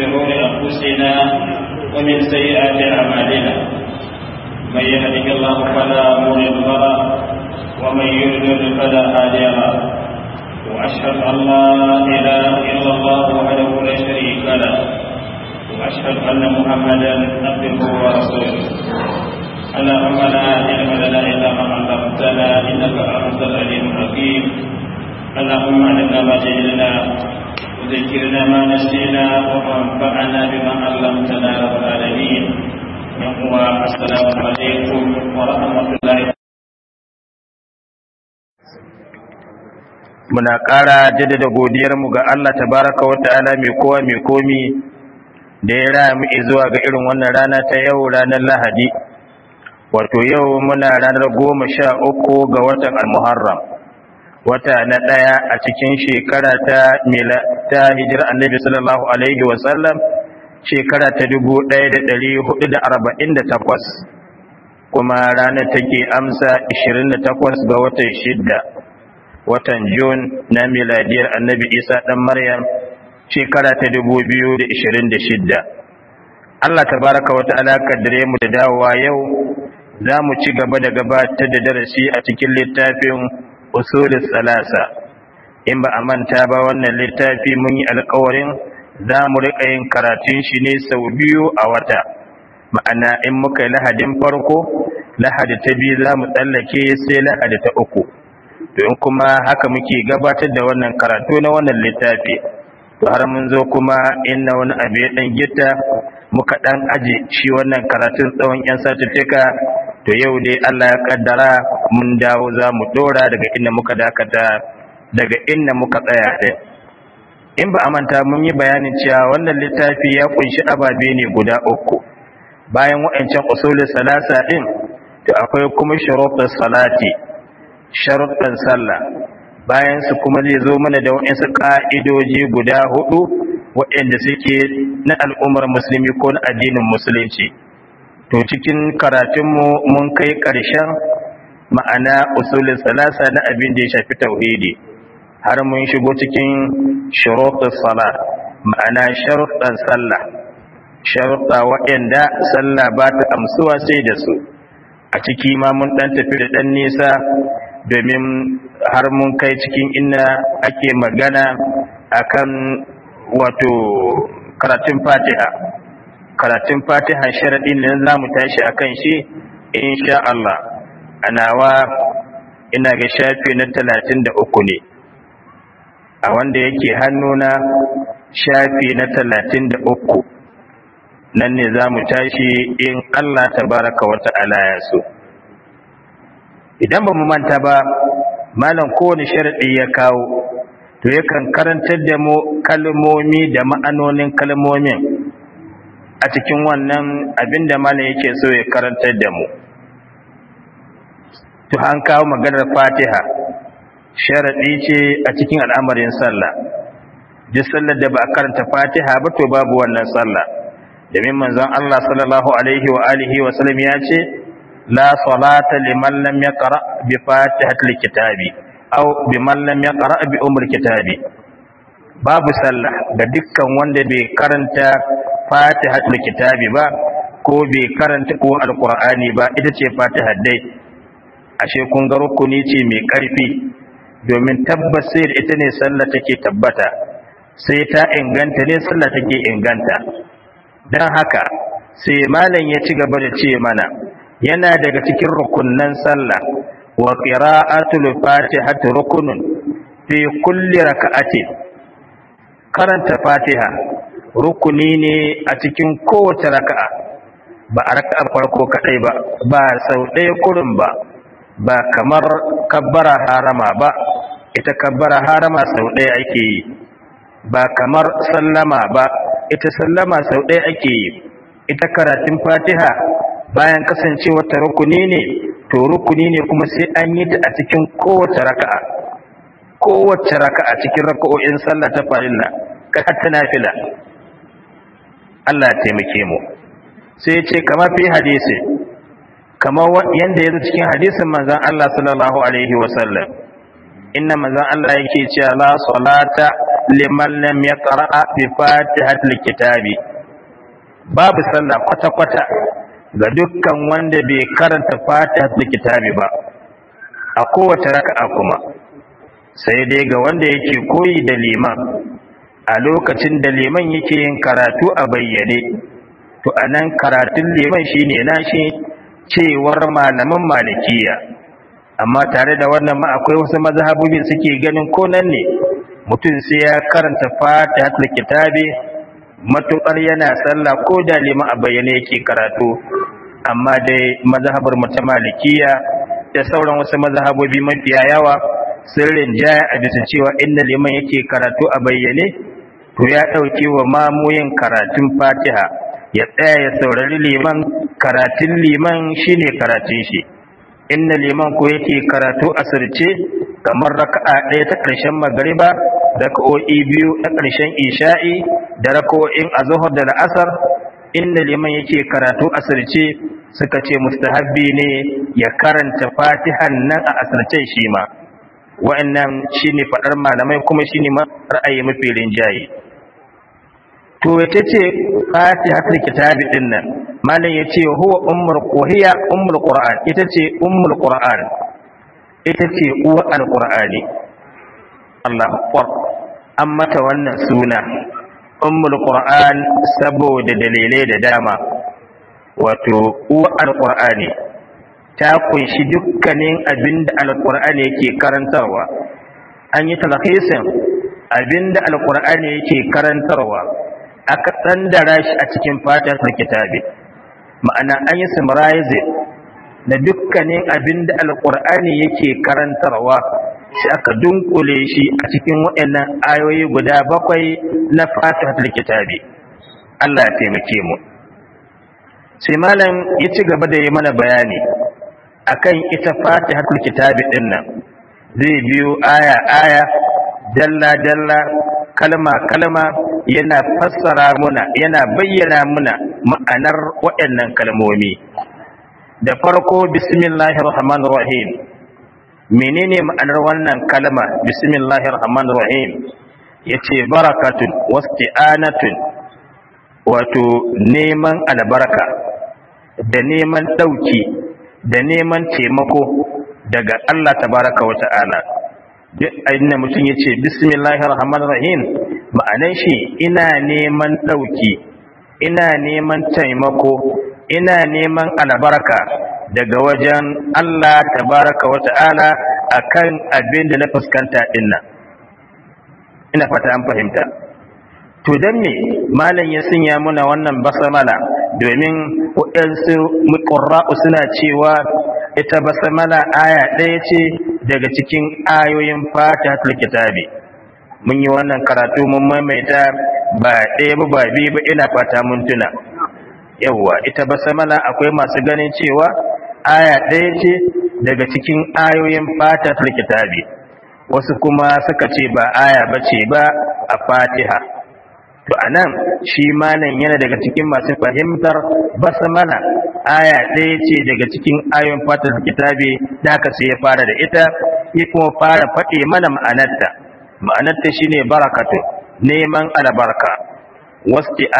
شرور أنفسنا ومن سيئات أعمالنا من يهدك الله فلا مضل له ومن يضلل فلا هادي له وأشهد أن لا إله إلا الله وحده لا شريك له وأشهد أن محمدا عبده ورسوله اللهم لا علم لنا إلا ما علمتنا إنك أنت العليم الحكيم اللهم علمنا ما جهلنا ذكرنا ما نسينا وانفعنا بما علمتنا رب العالمين السلام عليكم ورحمة الله muna ƙara jaddada godiyarmu ga Allah tabaraka wa ta'ala mai kowa mai komi da ya raya mu zuwa ga irin wannan rana ta yau ranar Lahadi wato yau muna ranar goma sha uku ga watan Al-Muharram wata na ɗaya a cikin shekara ta ta hijira annabi sallallahu alaihi wasallam shekara ta dubu ɗaya da ɗari hudu da arba'in da takwas kuma ranar take amsa ishirin da takwas ga watan shidda watan jun na miladiyar annabi isa ɗan maryam shekara ta dubu biyu da ishirin da shidda allah tabaraka wata alaƙa dare mu da dawowa yau za mu ci gaba da gabatar da darasi a cikin littafin usulis salasa in ba a manta ba wannan littafi mun yi alkawarin za mu riƙa yin karatun shi ne sau biyu a wata ma'ana in muka yi lahadin farko lahadi ta biyu za mu tsallake sai lahadi ta uku to in kuma haka muke gabatar da wannan karatu na wannan littafi to har mun zo kuma inna wani abu ya ɗan gita muka ɗan aje shi wannan karatun tsawon 'yan satuttuka to yau dai allah ya ƙaddara mun dawo za mu dora daga inda muka dakata daga inda muka tsaya ɗin in ba a manta mun yi bayanin cewa wannan littafi ya kunshi ababe ne guda uku bayan wa'ancan usulul salasa ɗin to akwai kuma shuruɗin salati sharuɗin sallah bayan su kuma zai zo mana da wa'ansu ƙa'idoji guda hudu wa'anda suke na al'ummar musulmi ko na addinin musulunci to cikin karatunmu mun kai ƙarshen ma'ana usulin salasa na abin da ya shafi tauhidi har mun shigo cikin shuruɗin sala ma'ana sharuɗan sallah sharuɗa waɗanda sallah ba ta amsuwa sai da su a ciki ma mun ɗan tafi da ɗan nisa domin har mun kai cikin inna ake magana akan wato karatun fatiha karatun fatiha sharaɗin nan za mu tashi akan shi insha Allah a nawa ina ga shafi na talatin da uku ne a wanda yake hannuna shafi na talatin da uku nan ne za mu tashi in Allah Ta-baraka wata alaya su. idan ba mu manta ba malam kowane sharaɗi ya kawo to yakan karantar da mu kalmomi da ma'anonin kalmomin a cikin wannan abin da malam yake so ya karantar da mu to an kawo maganar fatiha sharaɗi ce a cikin al'amarin sallah duk sallar da ba a karanta fatiha ba to babu wannan sallah domin manzon Allah sallallahu alaihi wa alihi wa sallam ya ce la salata liman lam yaqra bi fatihatil kitabi aw man lam yaqra bi umr kitabi babu sallah ga dukkan wanda bai karanta fatihatil kitabi ba ko bai karanta ko alqur'ani ba ita ce Fatiha dai ashe kun ga rukuni ce mai ƙarfi domin tabbas sai da ita ne sallah take tabbata sai ta inganta ne sallah take inganta don haka sai malam ya ci gaba da ce mana yana daga cikin rukunnan sallah wa qira'atul fatiha rukunun fi kulli rak'atin karanta fatiha rukuni ne a cikin kowace raka'a ba a raka'a farko kadai ba ba sau ɗaya kurin ba ba kamar kabbara harama ba ita kabbara harama sau ɗaya ake yi ba kamar sallama ba ita sallama sau ɗaya ake yi ita karatun fatiha bayan kasancewa ta rukuni ne to rukuni ne kuma sai an yi ta a cikin kowace raka'a kowace raka'a cikin raka'o'in sallah ta farilla ka ta nafila Allah taimake mu sai ya ce kama fi hadisi kamar yadda ya zo cikin hadisin mazan Allah sallallahu alaihi wasallam inna mazan Allah yake cewa la salata liman lam yaqra bi fatihatil kitabi babu sallah kwata kwata ga dukkan wanda bai karanta fatihatil kitabi ba a kowace raka'a kuma sai dai ga wanda yake koyi da liman a lokacin da liman yake yin karatu a bayyane to anan karatun liman shine nashi cewar malaman malikiya amma tare da wannan ma akwai wasu mazhabobi suke ganin ko nan ne mutum sai ya karanta fatihatul kitabi matukar yana sallah ko da liman a bayyane yake karatu amma dai mazhabar mu malikiya da sauran wasu mazhabobi mafiya yawa sirrin jaya a bisa cewa inda liman yake karatu a bayyane to ya ɗauke wa mamoyin karatun fatiha ya tsaya ya saurari liman karatun liman shine karatun shi inna liman ko yake karatu a sirce kamar raka'a ɗaya ta ƙarshen magariba raka'o'i biyu ta ƙarshen isha'i da raka'o'in zuhur da la'asar inna liman yake karatu asirce suka ce mustahabbi ne ya karanta fatihan nan a asircen shi ma wa'annan shine faɗar malamai kuma shine ra'ayi mafi rinjaye to wace ce fatihatul kitabi din nan malam yace huwa ummul qur'an ummul qur'an ita ce ummul qur'an ita ce uwar alqur'ani Allahu akbar an mata wannan suna ummul qur'an saboda dalilai da dama wato uwar alqur'ani ta kunshi dukkanin abinda alqur'ani yake karantarwa an yi talhisin abinda alqur'ani yake karantarwa aka tsandara shi a cikin fatar kitabe ma'ana an yi summarizing na dukkanin abin da alkur'ani yake karantarwa shi aka dunkule shi a cikin waɗannan ayoyi guda bakwai na fatar kitabe Allah ya taimake mu sai malam ya ci gaba da yi mana bayani akan ita fatihatul kitabi din nan zai biyo aya aya dalla dalla kalma kalma yana fassara muna yana bayyana muna ma'anar waɗannan kalmomi da farko bismillahir rahmanir rahim menene ma'anar wannan kalma bismillahir rahmanir rahim yace barakatun wasti'anatun wato neman albarka da neman dauki da neman taimako daga Allah tabaraka wa ta'ala duk mutum yace bismillahir rahmanir rahim ma'anan shi ina neman ɗauki ina neman taimako ina neman albarka daga wajen Allah tabaraka wa ta'ala akan abin da na fuskanta dinna ina fata an fahimta to dan me malam ya sanya muna wannan basamala domin waɗansu muqarra'u suna cewa ita basamala aya ɗaya ce daga cikin ayoyin fatatul kitabi mun yi wannan karatu mun maimaita ba ɗaya ba ba biyu ba ina fata mun tuna yawwa ita ba basamala akwai masu ganin cewa aya ɗaya ce daga cikin ayoyin fata kitabi wasu kuma suka ce ba aya ba ce ba a fatiha to anan shi malam yana daga cikin masu fahimtar basamala aya ɗaya ce daga cikin ayoyin fata kitabi da aka sai ya fara da ita ya kuma fara faɗe mana ma'anarta ma'anarta shine barakatu neman albarka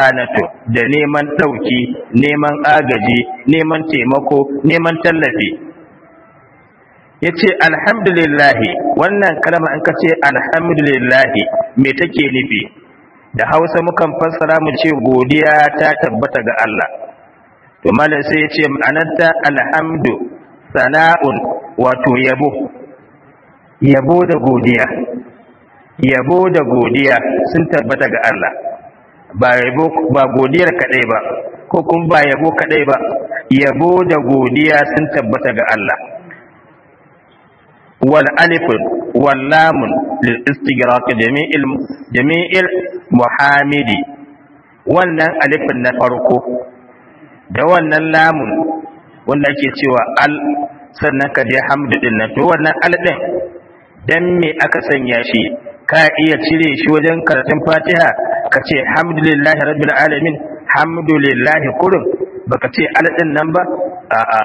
anatu da neman ɗauki neman agaji neman taimako neman tallafi ya ce alhamdulillahi wannan kalma in ka ce alhamdulillahi me take nufi da hausa mukan fassara mu ce godiya ta tabbata ga Allah to malam sai ya ce ma'anarta alhamdu sana'un wato yabo yabo da godiya yabo da godiya sun tabbata ga Allah ba yabo ba godiyar kadai ba ko kuma ba yabo kadai ba yabo da godiya sun tabbata ga Allah wal alif wal lam lil istighraq jami'il jami'il muhamidi wannan alifin na farko da wannan lamun wanda ke cewa al sannan ka da hamdu din to wannan al din dan me aka sanya shi ka iya cire shi wajen karatun fatiha ka ce hamdulillahi rabbil alamin hamdulillahi kurin baka ce aladin nan ba 'a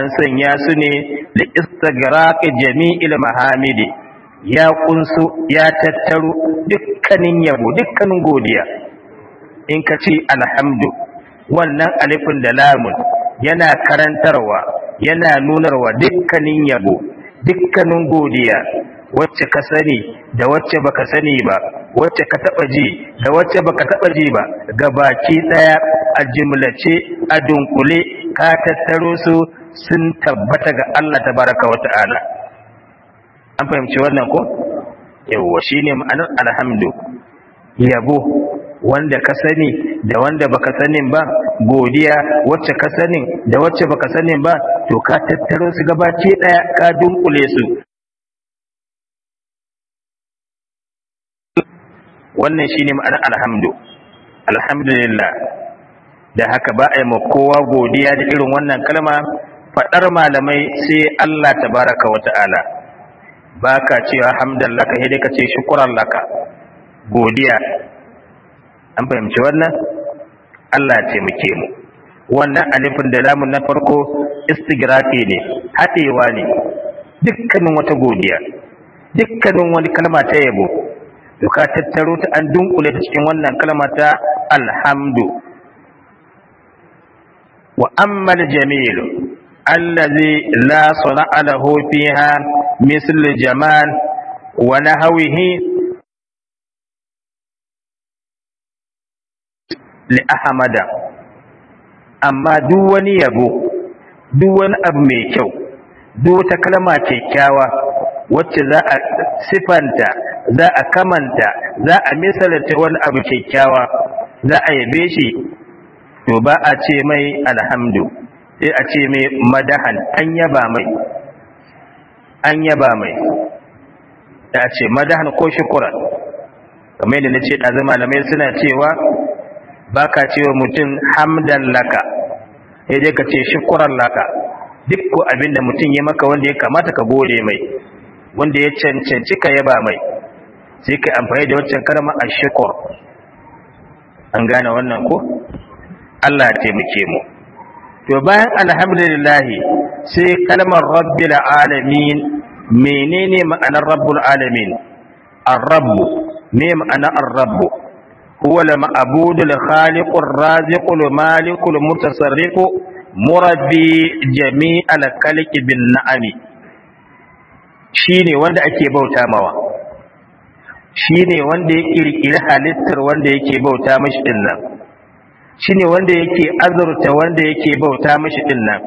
an sanya su ne da istigraq jami'il mahamidi ya kunsu ya tattaro dukkanin yabo dukkanin godiya in ka ce alhamdu wannan alifin da lamun yana karantarwa yana nunarwa dukkanin yabo dukkanin godiya wacce ka sani da wacce baka sani ba wacce ka taba ji da wacce baka taba ji ba gabaki daya a jimlace a dunkule ka tattaro su sun tabbata ga Allah tabaraka wa ta'ala an fahimci wannan ko yawa shine ma'anar alhamdu yabo wanda ka sani da wanda baka sanin ba godiya wacce ka sanin da wacce baka sanin ba to ka tattaro su gabace daya ka dunkule su wannan shine ma'anar alhamdu alhamdulillah da haka ba a yi ma kowa godiya da irin wannan kalma faɗar malamai sai Allah tabaraka wa ta'ala ba ka cewa hamdan laka sai ka ce shukuran laka godiya an fahimci wannan Allah ya ke mu wannan alifin da lamun na farko istigrafi ne haɗewa ne dukkanin wata godiya dukkanin wani kalma ta yabo to ka tattaro ta an dunkule ta cikin wannan kalma ta alhamdu wa amma al-jamil allazi la sana'a lahu fiha misl jamal wa nahwihi li ahmada amma duk wani yabo duk wani abu mai kyau duk wata kalma kyakkyawa wacce za a sifanta za a kamanta za a misalata wani abu kyakkyawa za a yabe shi to ba a ce mai alhamdu sai a ce mai madahan an yaba mai an yaba mai da ce madahan ko shukuran kamar yadda na ce da malamai suna cewa ba ka cewa mutum hamdan laka sai dai ka ce shukuran laka duk ko abin da mutum ya maka wanda ya kamata ka gode mai wanda ya cancanci ka yaba mai sai ka amfani da wancan kalma ashkur an gane wannan ko Allah taimake mu to bayan alhamdulillahi sai kalmar rabbil alamin menene ma'anar rabbul alamin ar me ma'anar ar-rabb huwa al-ma'bud al-khaliq ar-raziq al murabbi jami' al-khalq bin na'ami shi ne wanda ake bauta mawa shi ne wanda ya ƙirƙiri halittar wanda yake bauta mashi ɗin nan shi ne wanda yake azurta wanda yake bauta mashi ɗin nan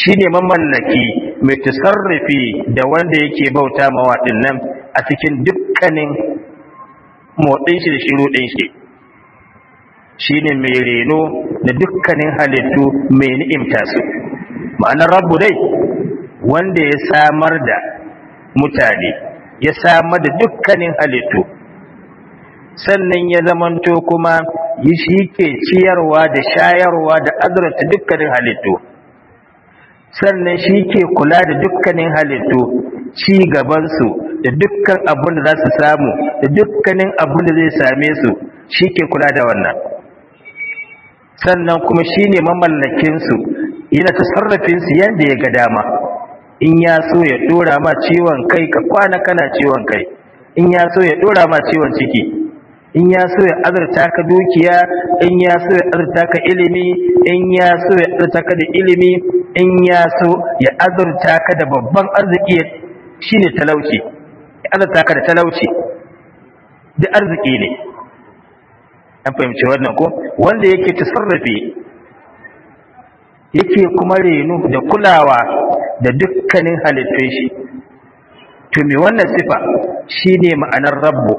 shi ne mamallaki mai tasarrafi da wanda yake bauta mawa ɗin nan a cikin dukkanin motsin shi da shiru ɗin shi shi ne mai reno da dukkanin halittu mai ni'imta su ma'anar rabu dai wanda ya samar da mutane ya samar da dukkanin halittu sannan ya zamanto kuma yi shi ke ciyarwa da shayarwa da azurta dukkanin halittu sannan shi ke kula da dukkanin halittu ci gabansu da dukkan abin da za su samu da dukkanin abin da zai same su shi ke kula da wannan sannan kuma shi ne mamallakinsu yana ta sarrafinsu yadda ya ga dama in ya so ya dora ma ciwon kai ka kwana kana ciwon kai in ya so ya dora ma ciwon ciki in ya so ya azurta ka dukiya in ya so ya azurta ka ilimi in ya so ya azurta ka da ilimi in ya so ya azurta ka da babban arziki shine talauci ya azurta ka da talauci da arziki ne an fahimci wannan ko wanda yake tasarrafi yake kuma reno da kulawa da dukkanin halittun shi to wannan sifa shine ma'anar rabbu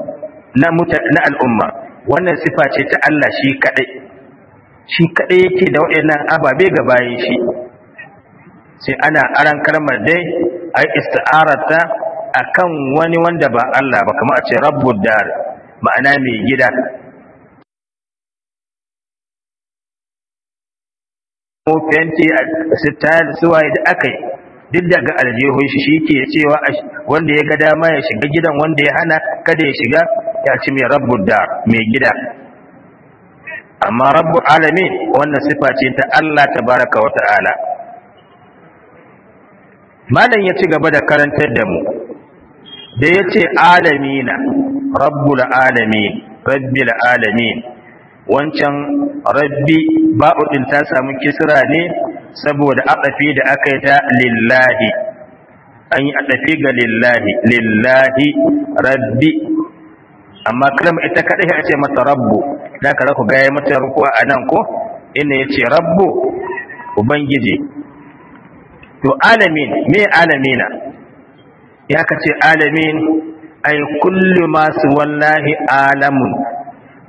na na al'umma wannan sifa ce ta Allah shi kaɗai. shi kadai yake da waɗannan ababe ga bayan shi sai ana aran kalmar dai ai isti'arata akan wani wanda ba Allah ba kamar a ce rabbud dar ma'ana mai gida ko fenti a sitar suwaye da aka yi duk daga aljihun shi ke cewa wanda ya ga dama ya shiga gidan wanda ya hana kada ya shiga ya ci mai rabu da mai gida amma rabu alamin wannan sifa ce ta Allah ta baraka wa ta'ala malam ya ci gaba da karantar da mu da ya ce alamina rabbul alamin rabbil alami wancan rabbi ba'udin ta samu kisra ne saboda adafi da aka yi ta lillahi an yi adafi ga lillahi lillahi rabbi amma kalma ita kadai a ce masa rabbu da ka raku gaya mata rukuwa a nan ko ina ya ce rabbu ubangiji to alamin me alamina ya ka ce alamin ai kullu masu wallahi alamun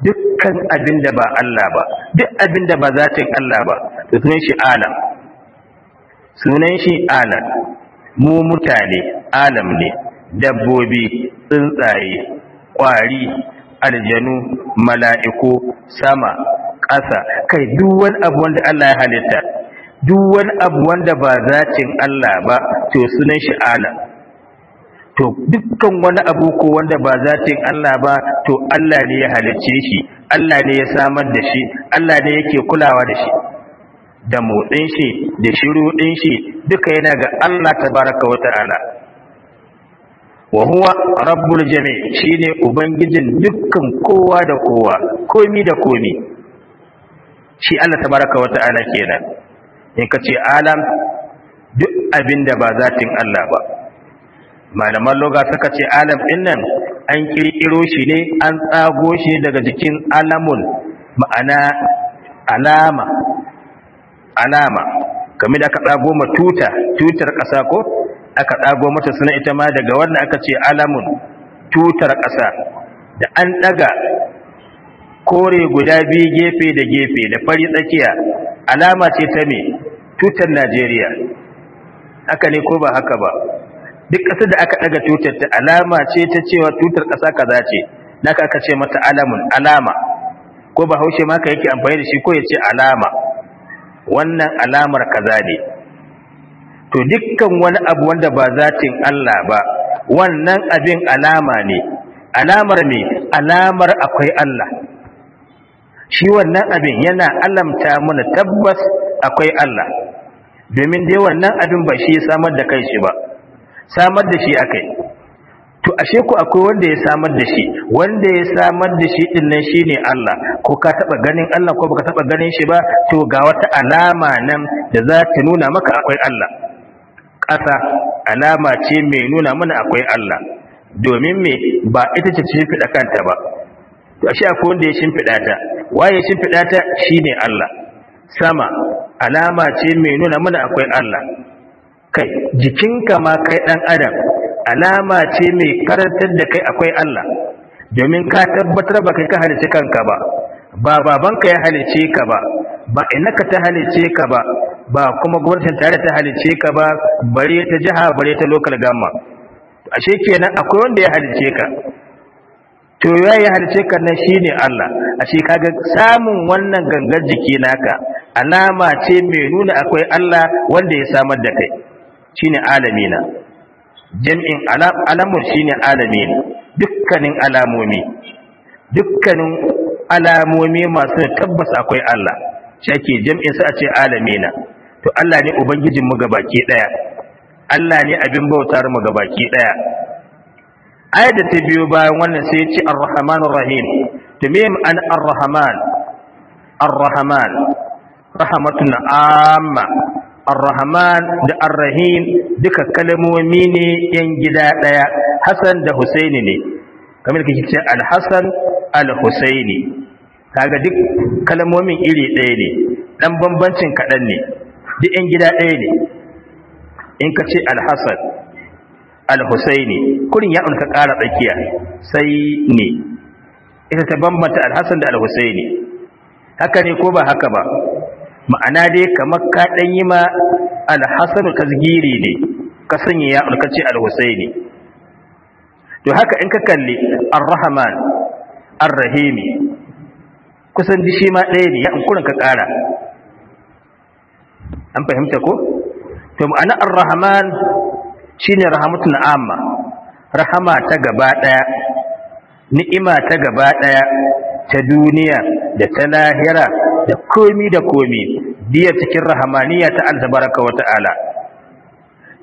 dukkan abin ba Allah ba duk abinda da ba zatin Allah ba to sunan shi alam sunan shi alam mu mutane alam ne dabbobi tsuntsaye ƙwari aljanu mala'iku sama ƙasa kai duk wani abu wanda Allah ya halitta duk wani abu wanda ba zatin Allah ba to sunan shi alam to dukkan wani abu ko wanda ba zatin Allah ba to Allah ne ya halicce shi Allah ne ya samar da shi Allah ne yake kulawa da shi da motsin shi da shiru din shi duka yana ga Allah tabaraka wa ta'ala wa huwa rabbul jami' shine ubangijin dukkan kowa da kowa komi da komi shi Allah tabaraka wa ta'ala kenan in ka ce alam duk abinda ba zatin Allah ba malaman loga suka ce alam din nan an kirkiro shi ne an tsago shi daga jikin alamun ma'ana alama alama kamar da aka dago ma tuta tutar ƙasa ko aka dago mata suna ita ma daga wannan aka ce alamun tutar ƙasa da an ɗaga kore guda biyu gefe da gefe da fari tsakiya alama ce ta me tutar najeriya haka ne ko ba haka ba duk ƙasar da aka ɗaga tutar ta alama ce ta cewa tutar ƙasa kaza ce naka aka ce mata alamun alama ko ba haushe ma ka yake amfani da shi ko ya ce alama wannan alamar kaza ne to dukkan wani abu wanda ba zatin Allah ba wannan abin alama ne alamar ne alamar akwai Allah shi wannan abin yana alamta mana tabbas akwai Allah domin dai wannan abin ba shi samar da kai shi ba samar da shi akai to ashe ku akwai wanda ya samar da shi wanda ya samar da shi din nan shine Allah ko ka taba ganin Allah ko baka taba ganin shi ba to ga wata alama nan da za ta nuna maka akwai Allah ƙasa alama ce mai nuna mana akwai Allah domin me ba ita ce shimfiɗa kanta ba to ashe akwai wanda ya shimfida ta waye shimfida ta shine Allah sama alama ce mai nuna mana akwai Allah kai jikinka ma kai dan adam alama ce mai karantar da kai akwai Allah domin ka tabbatar ba kai ka halice kanka ba ba babanka ya halice ka ba ba inaka ta halice ka ba ba kuma gwamnatin tare ta halice ka ba bare ta jiha bare ta local gamma ashe kenan akwai wanda ya halice ka to ya yi halice ka nan shine Allah ashe kaga samun wannan gangar jiki naka alama ce mai nuna akwai Allah wanda ya samar da kai shine alamina jam'in alamun shine alami dukkanin alamomi dukkanin alamomi masu tabbas akwai Allah shake jam'in sa a ce alami na to Allah ne ubangijin mu gabaki daya Allah ne abin bautar mu gabaki daya ayat ta biyo bayan wannan sai ya ce ar rahim to me an ar-rahman ar-rahman rahmatun amma Ar-Rahman da Ar-Rahim duka kalmomi ne yan gida ɗaya Hassan da Husaini ne kamar da kake ce Al-Hassan Al-Husaini kaga duk kalmomin iri ɗaya ne ɗan bambancin kaɗan ne duk yan gida ɗaya ne in ka ce Al-Hassan Al-Husaini kurin ya ulka ƙara tsakiya sai ne ita ta bambanta Al-Hassan da Al-Husaini haka ne ko ba haka ba ma'ana dai kamar ka dan yi ma al-hasan tasgiri ne ka sanya ya ulkace al-husaini to haka in ka kalli ar-rahman ar-rahimi kusan shi ma ɗaya ne ya ankurin ka ƙara an fahimta ko to ma'ana ar-rahman shine rahmatun amma rahama ta gaba ɗaya ni'ima ta gaba ɗaya ta duniya da ta lahira da komi da komi biya cikin rahamaniya ta Allah baraka wa ta'ala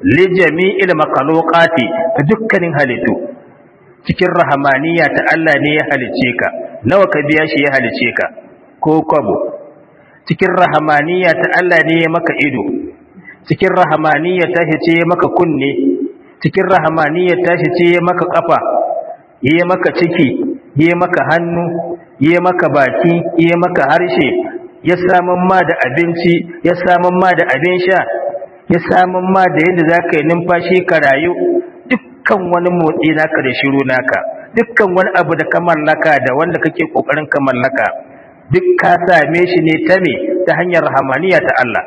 li jami'il makhluqati dukkanin halittu cikin rahamaniya ta Allah ne ya halice ka nawa ka biya shi ya halice ka ko kwabo cikin rahamaniya ta Allah ne ya maka ido cikin rahamaniya ta ce ya maka kunne cikin rahamaniya ta ce ya maka kafa ya maka ciki Yi maka hannu ya maka baki ya maka harshe ya samun ma da abinci ya samun ma da abin sha ya samun ma da yadda za ka yi numfashi ka rayu dukkan wani motsi naka da shiru naka dukkan wani abu da ka mallaka da wanda kake kokarin ka mallaka duk ka same shi ne ta me ta hanyar rahamaniya ta Allah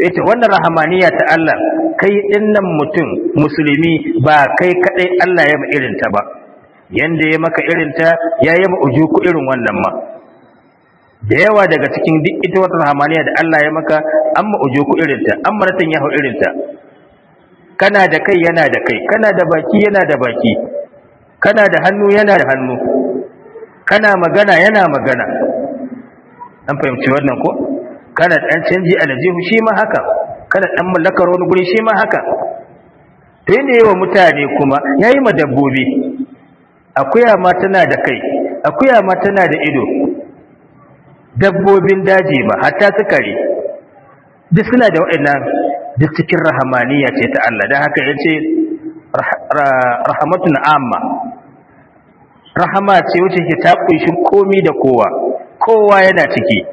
to ita wannan rahamaniya ta Allah kai dinnan mutum musulmi ba kai kadai Allah ya ma irin ta ba yanda ya maka irin ta ya yi ma irin wannan ma da yawa daga cikin duk ita wata hamaniya da Allah ya maka an ma ujuku irin ta an maratan yahu irin ta kana da kai yana da kai kana da baki yana da baki kana da hannu yana da hannu kana magana yana magana an fahimci wannan ko kana dan canji aljihu shi ma haka kana dan mallakar wani guri shi ma haka to yi wa mutane kuma yi ma dabbobi akuya ma tana da kai akuya ma tana da ido dabbobin daji ba hatta sukari duk suna da wa'annan duk cikin rahamaniya ce ta Allah don haka yace rahmatun amma rahama ce wacce ke ta kunshi komi da kowa kowa yana ciki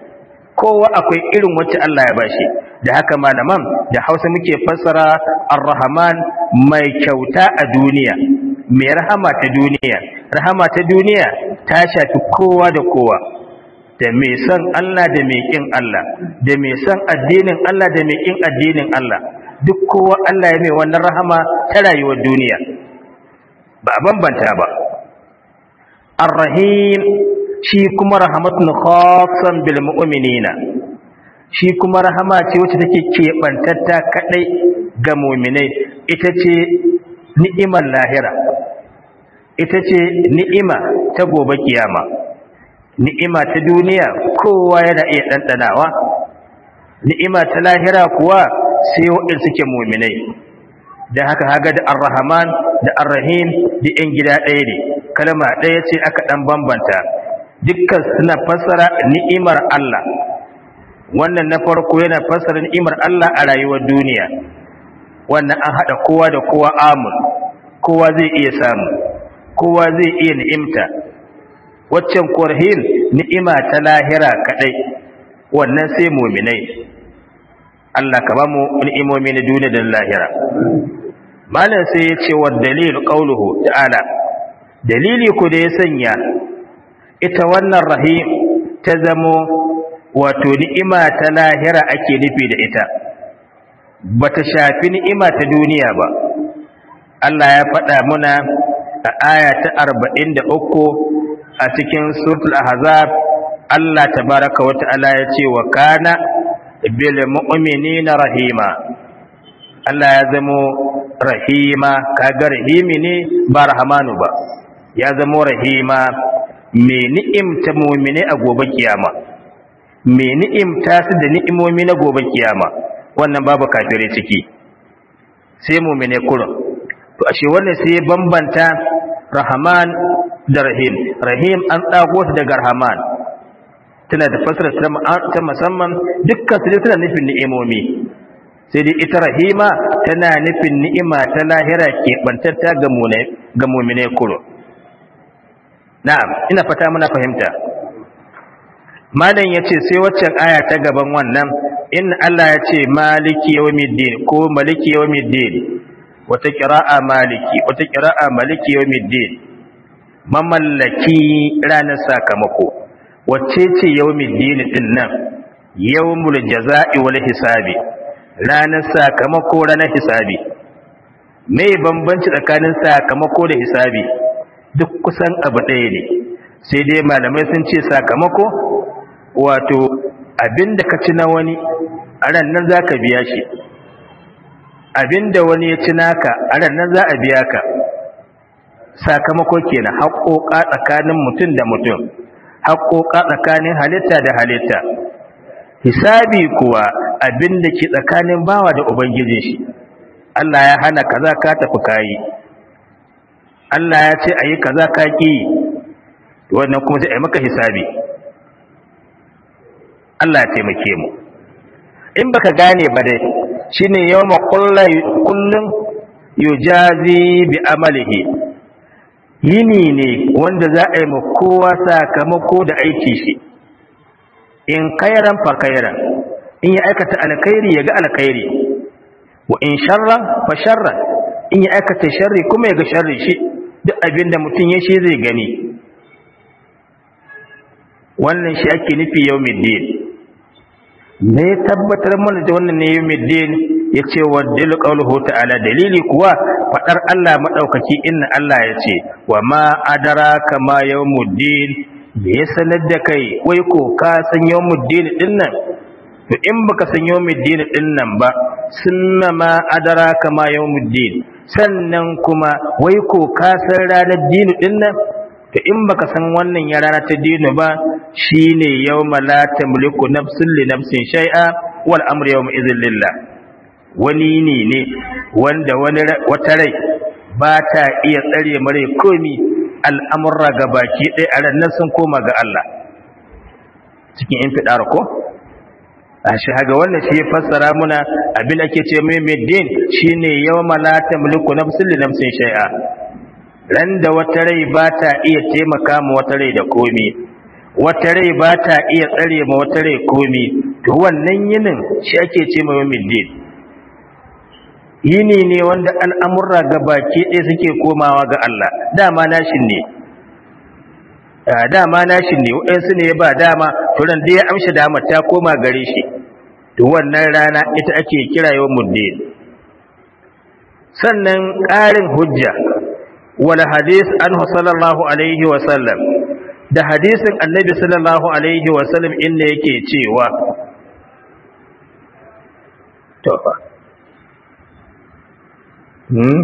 kowa akwai irin wacce Allah ya bashi da haka malaman da Hausa muke fassara ar-rahman mai kyauta a duniya mai rahama ta duniya rahama ta duniya ta shafi kowa da kowa da mai son Allah da mai kin Allah da mai son addinin Allah da mai kin addinin Allah duk kowa Allah ya mai wannan rahama ta rayuwar duniya ba a bambanta ba ar-rahim shi kuma rahmatun khassan bil mu'minina shi kuma rahama ce wacce take kebantatta kadai ga mu'minai ita ce ni'imar lahira ita ce ni'ima ta gobe kiyama ni'ima ta duniya kowa yana iya ɗanɗanawa ni'ima ta lahira kuwa sai waɗanda suke muminai da haka haga da ar da ar da yan gida ɗaya ne kalma ɗaya ce aka ɗan bambanta dukkan suna fassara ni'imar Allah wannan na farko yana fassara ni'imar Allah a rayuwar duniya wannan an haɗa kowa da kowa amun kowa zai iya samu kowa zai iya ni'imta waccan korhin ni'ima ta lahira kadai wannan sai muminai Allah ka ba mu ni'imomi na duniya da lahira malam sai ya ce wa dalil qauluhu ta'ala dalili ku da ya sanya ita wannan rahim ta zamo wato ni'ima ta lahira ake nufi da ita bata shafi ni'ima ta duniya ba Allah ya faɗa muna a aya ta arba'in da uku a cikin surtul ahzab Allah tabaraka wa ta'ala ya ce wa kana bil mu'minina rahima Allah ya zamo rahima kaga rahimi ne ba rahamanu ba ya zamo rahima me ni'imta mu'mine a gobe kiyama me ni'imta su da ni'imomi na gobe kiyama wannan babu kafirai ciki sai mu'mine kurun. to ashe wannan sai bambanta rahman da rahim rahim an tsago daga rahman tana da fasara ta musamman dukkan su tana nufin ni'imomi sai dai ita rahima tana nufin ni'ima ta lahira ke bantarta ga muminai kuro na'am ina fata muna fahimta malam yace sai waccan aya ta gaban wannan in Allah ya ce maliki yawmiddin ko maliki yawmiddin wata ƙira'a maliki wata ƙira'a maliki mamallaki ranar sakamako wacce ce yawmiddin din nan yawmul jaza'i wal hisabi ranar sakamako ranar hisabi me bambanci tsakanin sakamako da hisabi duk kusan abu ɗaya ne sai dai malamai sun ce sakamako wato abinda ka ci na wani a ran nan zaka biya shi abinda wani ya ci naka a ranar za a biya ka sakamako kenan haƙoƙa tsakanin mutum da mutum haƙoƙa tsakanin halitta da halitta hisabi kuwa abinda ke tsakanin bawa da ubangijin shi Allah ya hana ka za ka tafi kayi Allah ya ce a yi ka za ka ki wannan kuma sai yi maka hisabi Allah ya taimake mu in baka gane ba dai shine yawma kullum yujazi bi amalihi yini ne wanda za a yi ma kowa sakamako da aiki shi in kairan fa kairan in ya aikata alkhairi ya ga alkhairi wa in sharran fa sharran in ya aikata sharri kuma ya ga sharri shi duk abinda da mutum ya shi zai gani wannan shi ake nufi yawmiddin me tabbatar mana da wannan ne yawmiddin ya ce wa dalilu qawluhu ta'ala dalili kuwa fadar Allah madaukaki inna Allah ya ce wa ma adara ma yawmuddin me ya sanar da kai wai ko ka san yawmuddin din nan to in baka san yawmuddin din nan ba sunna ma adara ma yawmuddin sannan kuma wai ko ka san ranar dinu din nan to in baka san wannan ya rana ta dino ba shine yawma la tamliku nafsun li nafsin shay'a wal amru yawma idhin lillah wani ne ne wanda wani wata rai ba ta iya tsare mare komi al'amurra ga baki ɗaya a ranar sun koma ga Allah cikin in fiɗar ko a shi haga wannan shi ya fassara muna abin ake ce mai din shine yawma la tamliku nafsun li nafsin shay'a ran da wata rai ba ta iya taimaka ma wata rai da komi wata rai ba ta iya tsare ma wata rai komi to wannan yinin shi ake ce ma yamin yini ne wanda al'amurra ga baki ɗaya suke komawa ga Allah dama nashin ne ah, dama nashin ne waɗansu ne ya ba dama turan da ya amshi dama ta koma gare shi to wannan rana ita ake kira yawan muddin sannan ƙarin hujja wal hadis anhu sallallahu alaihi wa sallam da hadisin annabi sallallahu alaihi wa sallam inda yake cewa tofa hmm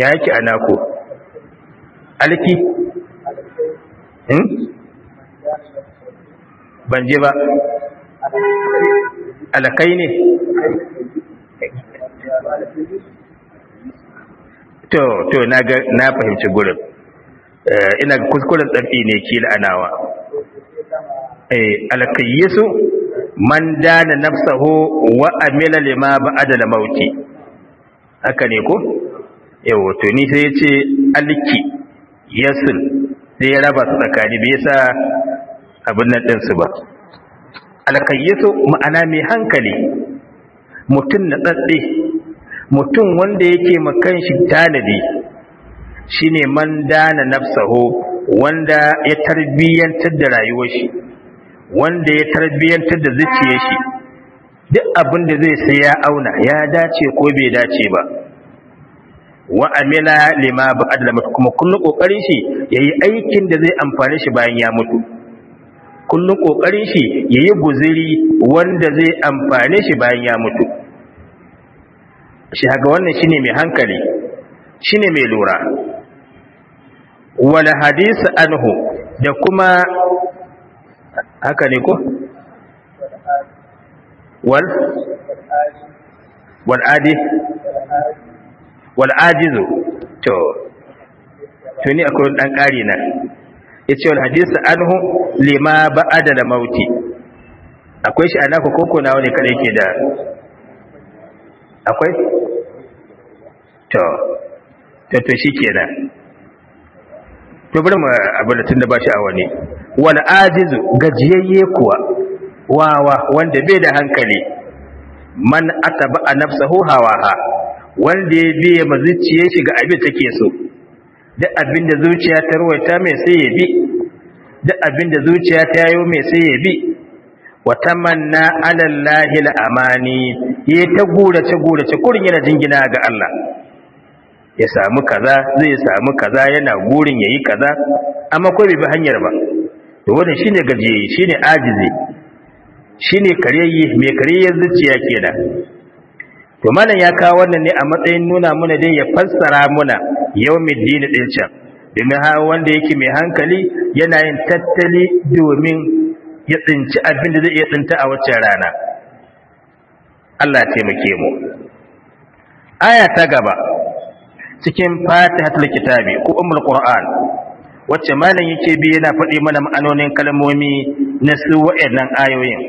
ya yake anako alki hmm ban je ba alakai ne to to na na fahimci gurin eh, ina kuskuren tsafi ne ki la'anawa. eh alqayyisu man dana nafsahu wa amila lima ba'da al-mauti haka ne ko eh to ni sai yace alki yasul sai ya raba su tsakani bai sa abin nan din su ba alqayyisu ma'ana mai hankali mutun na tsatsi mutum wanda yake makan shi tanadi ne man dana nafsaho wanda ya tarbiyyantar da rayuwar shi wanda ya tarbiyyantar da zuciyar shi duk abin da zai sai ya auna ya dace ko bai dace ba wa amina lima ba'ad mutu kuma kullum kokarin shi yayi aikin da zai amfane shi bayan ya mutu kullum kokarin shi yayi guzuri wanda zai amfane shi bayan ya mutu shi haka wannan shine mai hankali shine mai lura wala hadisi anhu da kuma haka ne ko wal wal adi wal ajizu to tuni akwai dan kari nan yace wal hadisi anhu lima ba'ada da mauti akwai shi anaka koko na wani kare ke da akwai to to shi kenan to bari mu abin tun da ba shi awa ne wal ajizu gajiyayye kuwa wawa wanda bai da hankali man ataba a hawa ha, wanda ya biya ma zuciyar shi ga abin take so duk abin da zuciya ta ruwaita mai sai ya bi duk abin da zuciya ta yayo mai sai ya bi wa tamanna ala llahi al amani ya ta gura ta gura ta kurin yana jingina ga Allah ya samu kaza zai samu kaza yana gurin yayi kaza amma ko bai bi hanyar ba to wannan shine gajiyayi shine ajizi shine kareyye mai kareyyar zuciya kenan to malam ya kawo wannan ne a matsayin nuna muna dai ya fassara muna yawmiddin din can domin ha wanda yake mai hankali yana yin tattali domin ya tsinci abin da zai iya tsinta a waccan rana Allah ya taimake mu aya ta gaba cikin fatihatul kitabi ko ummul qur'an wacce malam yake bi yana faɗi mana ma'anonin kalmomi na su wa'annan ayoyin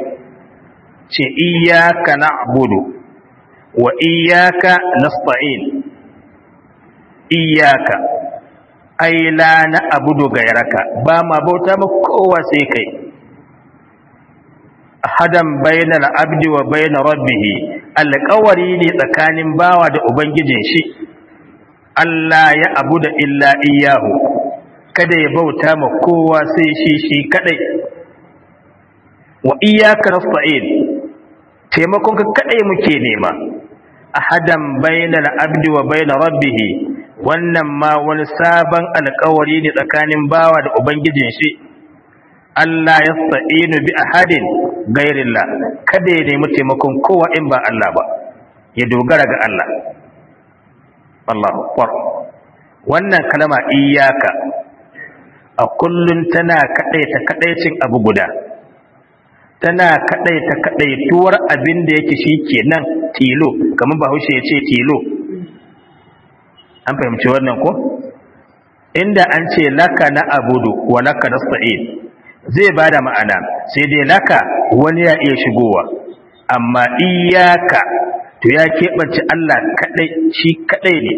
ce iyyaka na'budu wa iyyaka nasta'in iyyaka ai la na'budu gairaka ba ma bauta ma kowa sai kai hadan bainal abdi wa bain rabbih alƙawari ne tsakanin bawa da ubangijin shi Allah ya abu da illa iyahu kada ya bauta ma kowa sai shi shi kadai wa iyaka nasta'in taimakon ka kadai muke nema ahadan bainal abdi wa bain rabbih wannan ma wani sabon alƙawari ne tsakanin bawa da ubangijin shi Allah ya a bi ahadin gairillah kada ya nemi taimakon kowa in ba Allah ba ya dogara ga Allah Allah akbar wannan kalama iyaka a kullun tana kadaita kadaicin abu guda tana kadaita kadaituwar abin da yake nan tilo kamar bahaushe ya ce tilo an fahimci wannan ko inda an ce laka na abudu wa laka nasta'in zai bada ma'ana sai dai laka wani ya iya shigowa amma iyaka to ya keɓance Allah kaɗai shi kaɗai ne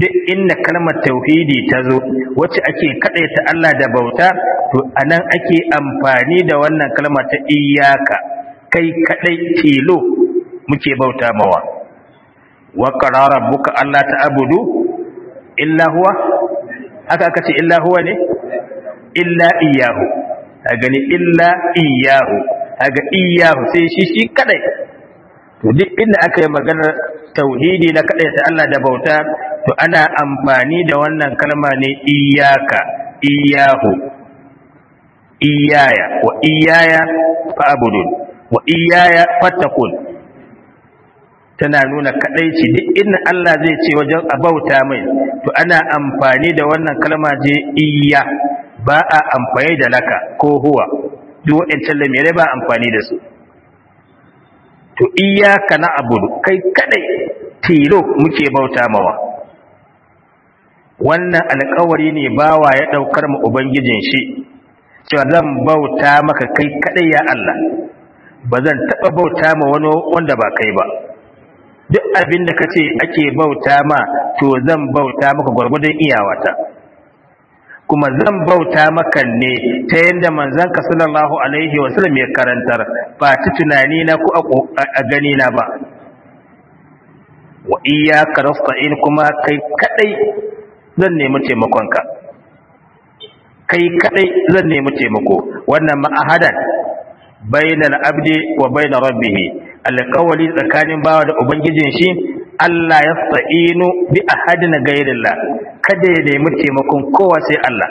duk inda kalmar tauhidi ta zo wacce ake ta Allah da bauta to anan ake amfani da wannan kalma ta iyaka kai kaɗai tilo muke bauta mawa wa qarara buka Allah abudu illa huwa haka aka ce illa huwa ne illa iyahu a gani illa iyahu a ga iyahu sai shi shi kaɗai to duk inda aka yi maganar tauhidi na kaɗai ta Allah da bauta to ana amfani da wannan kalma ne iyaka iyahu iyaya wa iyaya fa'budun wa iyaya fattakun tana nuna kaɗai ce, duk inda Allah zai ce wajen abauta mai to ana amfani da wannan kalma je iya ba a amfani da laka ko huwa duk wa'in lamirai ba amfani da su to iyaka na abudu kai kadai tilo muke bauta mawa wannan alkawari ne bawa ya daukar mu ubangijin shi cewa zan bauta maka kai kadai ya Allah ba zan taba bauta ma wani wanda ba kai ba duk abin da kace ake bauta ma to zan bauta maka gurgurdan iyawata kuma zan bauta maka ne ta yadda manzon ka sallallahu alaihi sallam ya karantar ba ta tunani na ko a gani na ba wa iyyaka nasta'in kuma kai kadai zan nemi taimakonka kai kadai zan nemi taimako wannan ma'ahadan bainal abdi wa bainar rabbih alƙawali tsakanin bawa da ubangijin shi Allah ya sa'inu bi a gairin la, kada ya nemi taimakon kowa sai Allah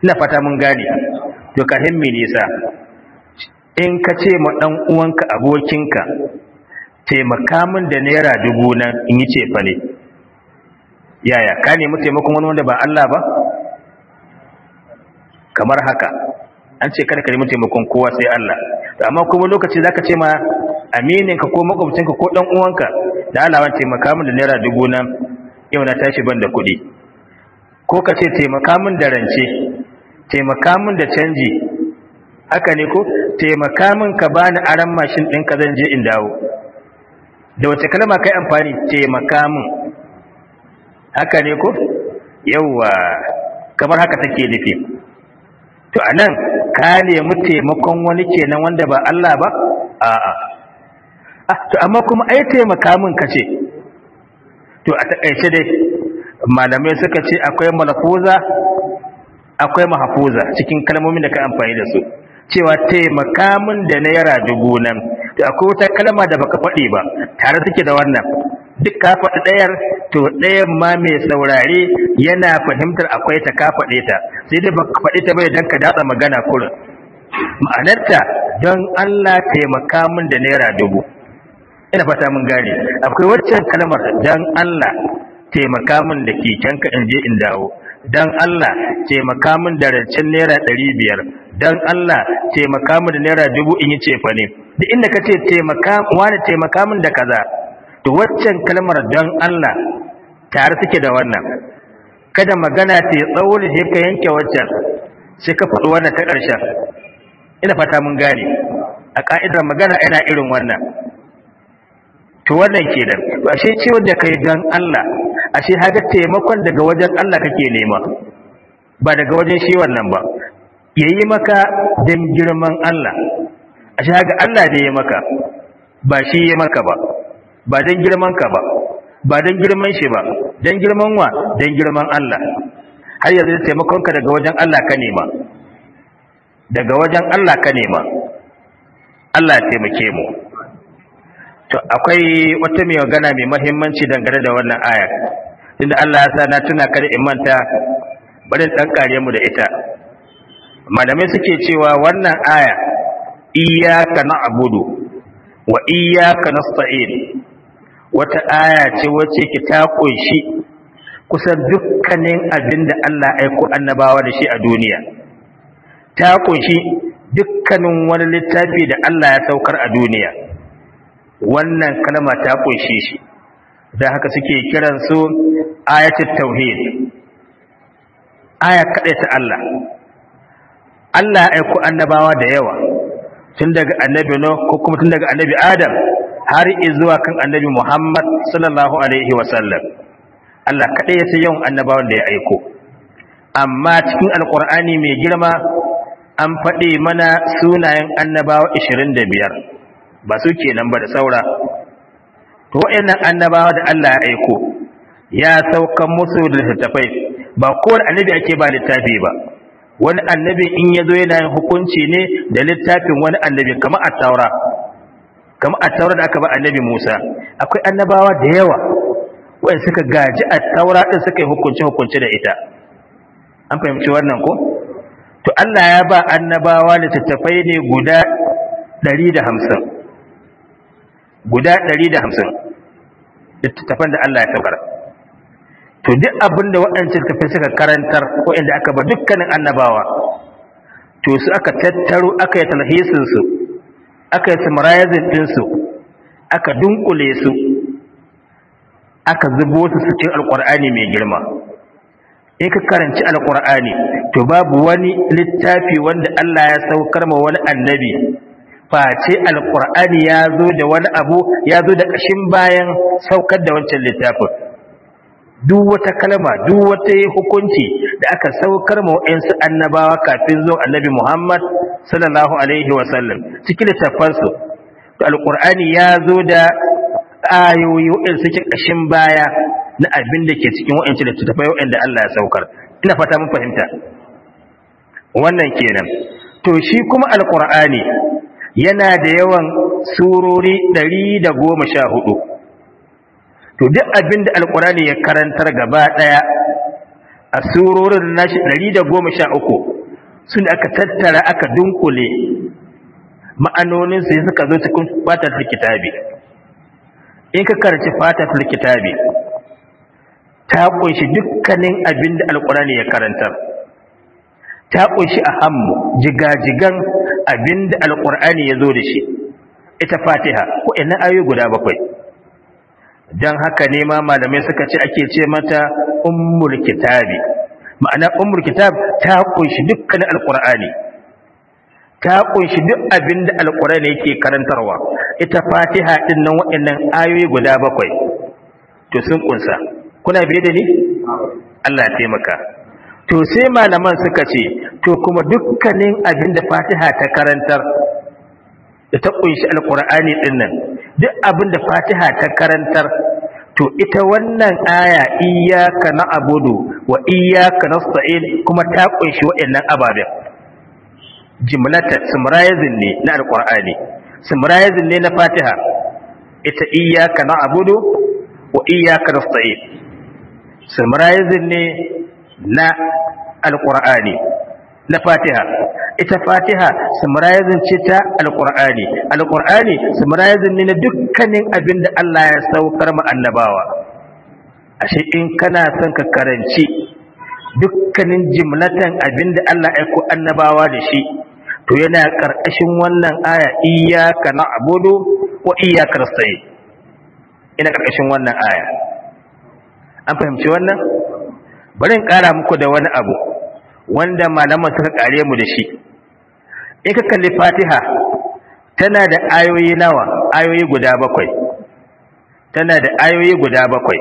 ina fata mun gani. to ka himmi nisa in ka ce ma dan uwanka abokinka taimaka min da naira dubu nan in yi cefa ne yaya ka nemi taimakon wani wanda ba Allah ba kamar haka an ce kada ka nemi taimakon kowa sai Allah amma kuma lokaci za ka ce ma amininka ko makwabcinka ko dan uwanka da Allah wance taimaka da naira dubu nan yau na tashi ban da kuɗi ko ka ce taimaka mun da rance taimaka mun da canji haka ne ko taimaka mun ka bani aran mashin ɗinka zan je in dawo da wace kalma kai amfani taimaka mun? haka ne ko yauwa kamar haka take nufi to anan ka nemi taimakon wani kenan wanda ba Allah ba a'a to amma kuma ai taimaka min ce? to a takaice dai malamai suka ce akwai malafuza akwai mahafuza cikin kalmomin da ka amfani da su cewa taimaka min da naira dubu nan to akwai wata kalma da baka faɗi ba tare suke da wannan duk ka faɗi ɗayar to ɗayan ma mai saurare yana fahimtar akwai ta ka faɗe ta sai dai baka faɗi ta bai dan ka datsa magana kurin ma'anarta don Allah taimaka min da naira dubu ina fata mun gane akwai waccan kalmar dan Allah taimaka min da kekenka in je in dawo dan Allah taimaka min da rancen naira ɗari biyar dan Allah taimaka min da naira dubu in yi cefa ne da inda ka ce taimaka wani taimaka min da kaza to waccan kalmar dan Allah tare suke da wannan kada magana ta yi tsawo da ka yanke waccan sai ka faɗi wannan ta ƙarshen ina fata mun gane a ƙa'idar magana ina irin wannan to wannan kenan ashe ce wanda kai dan Allah ashe haka taimakon daga wajen Allah kake nema ba daga wajen shi wannan ba yayi maka dan girman Allah ashe haka Allah da yayi maka ba shi yayi maka ba ba dan girman ka ba ba dan girman shi ba dan girman wa dan girman Allah har yanzu taimakon ka daga wajen Allah ka nema daga wajen Allah ka nema Allah ya taimake mu to akwai wata mai magana mai muhimmanci dangane da wannan aya inda Allah ya sa na tuna kada in manta bari dan kare mu da ita malamai suke cewa wannan aya iyyaka na'budu wa iyyaka nasta'in wata aya ce wacce ki ta kunshi kusan dukkanin abin da Allah aiko annabawa da shi a duniya ta ƙunshi dukkanin wani littafi da Allah ya saukar a duniya wannan kalma ta kunshe shi da haka suke kiran su ayatul tauhid aya kadai ta Allah Allah ya aiko annabawa da yawa tun daga annabi no ko kuma tun daga annabi Adam har zuwa kan annabi Muhammad sallallahu alaihi wasallam Allah kadai ya san yawan annabawan da ya aiko amma cikin alqur'ani mai girma an faɗi mana sunayen annabawa 25 ba su kenan ba da saura to wayannan annabawa da Allah ya aiko ya saukan musu da littattafai ba kowane annabi ake ba littafi ba wani annabi in ya zo yana hukunci ne da littafin wani annabi kamar a taura kamar a taura da aka ba annabi Musa akwai annabawa da yawa wanda suka gaji a taura din suka yi hukunci hukunci da ita an fahimci wannan ko to Allah ya ba annabawa littafai ne guda hamsin. guda ɗari 150 littattafan da Allah ya saukar to duk abin da waɗancan tafai suka karantar ko inda aka ba dukkanin annabawa to su aka tattaro aka yi talhisinsu aka yi summarizing ɗinsu aka dunkule su aka zubo su cikin alƙur'ani mai girma in ka karanci alƙur'ani to babu wani littafi wanda Allah ya saukar ma wani annabi face alkur'ani ya zo da wani abu ya zo da ƙashin bayan saukar da wancan littafin duk wata kalma duk wata hukunci da aka saukar ma wa'ansu annabawa kafin zuwa annabi muhammad sallallahu alaihi wasallam cikin littafansu alkur'ani ya zo da ayoyi wa'ansu cikin ƙashin baya na abin da ke cikin wa'ansu littafai wanda allah ya saukar ina fata mun fahimta wannan kenan to shi kuma alkur'ani yana da yawan surori ɗari to duk abin da alkurani ya karantar gaba ɗaya a surorin nashi ɗari da goma sha uku sun aka tattara aka dunkule ma'anoninsu ya suka zo cikin fatar kitabi in ka karci fatar kitabi ta kunshi dukkanin abin da alkurani ya karantar ta kunshi a hammu jigajigan abinda alqur'ani ya zo da shi ita fatiha ko ina ayoyi guda bakwai dan haka ne ma malamai suka ce ake ce mata ummul kitabi ma'ana ummul kitab ta kunshi dukkan alqur'ani ta kunshi duk abinda alqur'ani yake karantarwa ita fatiha din nan waɗannan ayoyi guda bakwai to sun kunsa kuna biye da ni Allah ya taimaka to sai malaman suka ce to kuma dukkanin abin da fatiha ta karantar da ta kunshi alkur'ani ɗin nan duk abin da fatiha ta karantar to ita wannan aya iyyaka na'budu wa iyyaka nasta'in kuma ta kunshi waɗannan ababen jimlata summarizing ne na alkur'ani summarizing ne na fatiha ita iyyaka na'budu wa iyyaka nasta'in summarizing ne na alkur'ani na fatiha ita fatiha summarizing ce ta Alƙur'ani. Alƙur'ani, summarizing ne na dukkanin abin da Allah ya saukar ma annabawa ashe in kana son ka karanci dukkanin jimlatan abin da Allah ya ko annabawa da shi to yana karkashin wannan aya iyyaka na'budu wa iyyaka nasta'in ina karkashin wannan aya an fahimci wannan bari in ƙara muku da wani abu wanda malaman suka kare mu da shi in ka kalli fatiha tana da ayoyi nawa ayoyi guda bakwai tana da ayoyi guda bakwai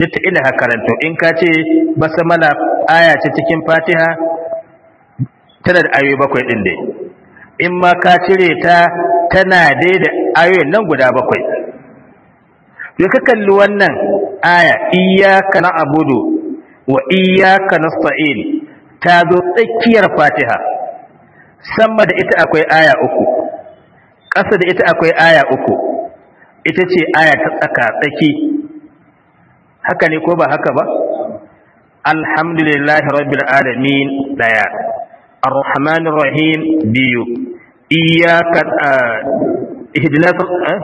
duk ina ka karanto in ka ce basmala aya ce cikin fatiha tana da ayoyi bakwai din dai in ma ka cire ta tana dai da ayoyin nan guda bakwai to ka kalli wannan aya iyyaka na'budu wa iyyaka nasta'in ta zo tsakiyar fatiha sama da ita akwai aya uku ƙasa da ita akwai aya uku ita ce aya ta tsaka tsaki haka ne ko ba haka ba alhamdulillahi rabbil alamin daya arrahmanir rahim biyu iyyaka eh, ihdinas eh,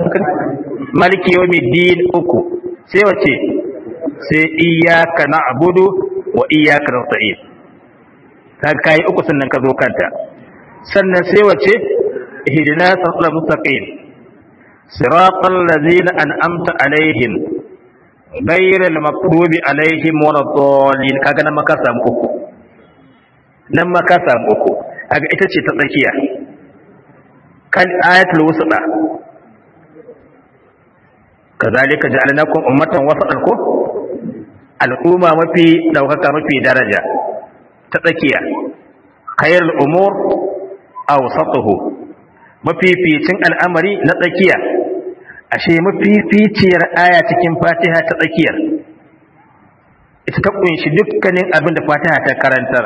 maliki yawmiddin uku sai wace sai iyyaka na'budu wa iyyaka nasta'in ta kayi uku sannan ka zo kanta sannan sai wace hidina siratal mustaqim siratal ladzina an'amta alaihim ghayril maghdubi alaihim waladdallin kaga nan maka samu uku nan maka samu uku kaga ita ce ta tsakiya kal ayatul wusla kazalika ja'alnakum ummatan wasatan ko al'umma mafi daukaka mafi daraja ta tsakiya khairul umur awsatuhu mafificin al'amari na tsakiya ashe mafificiyar aya cikin fatiha ta tsakiyar ita ta kunshi dukkanin abin da fatiha ta karantar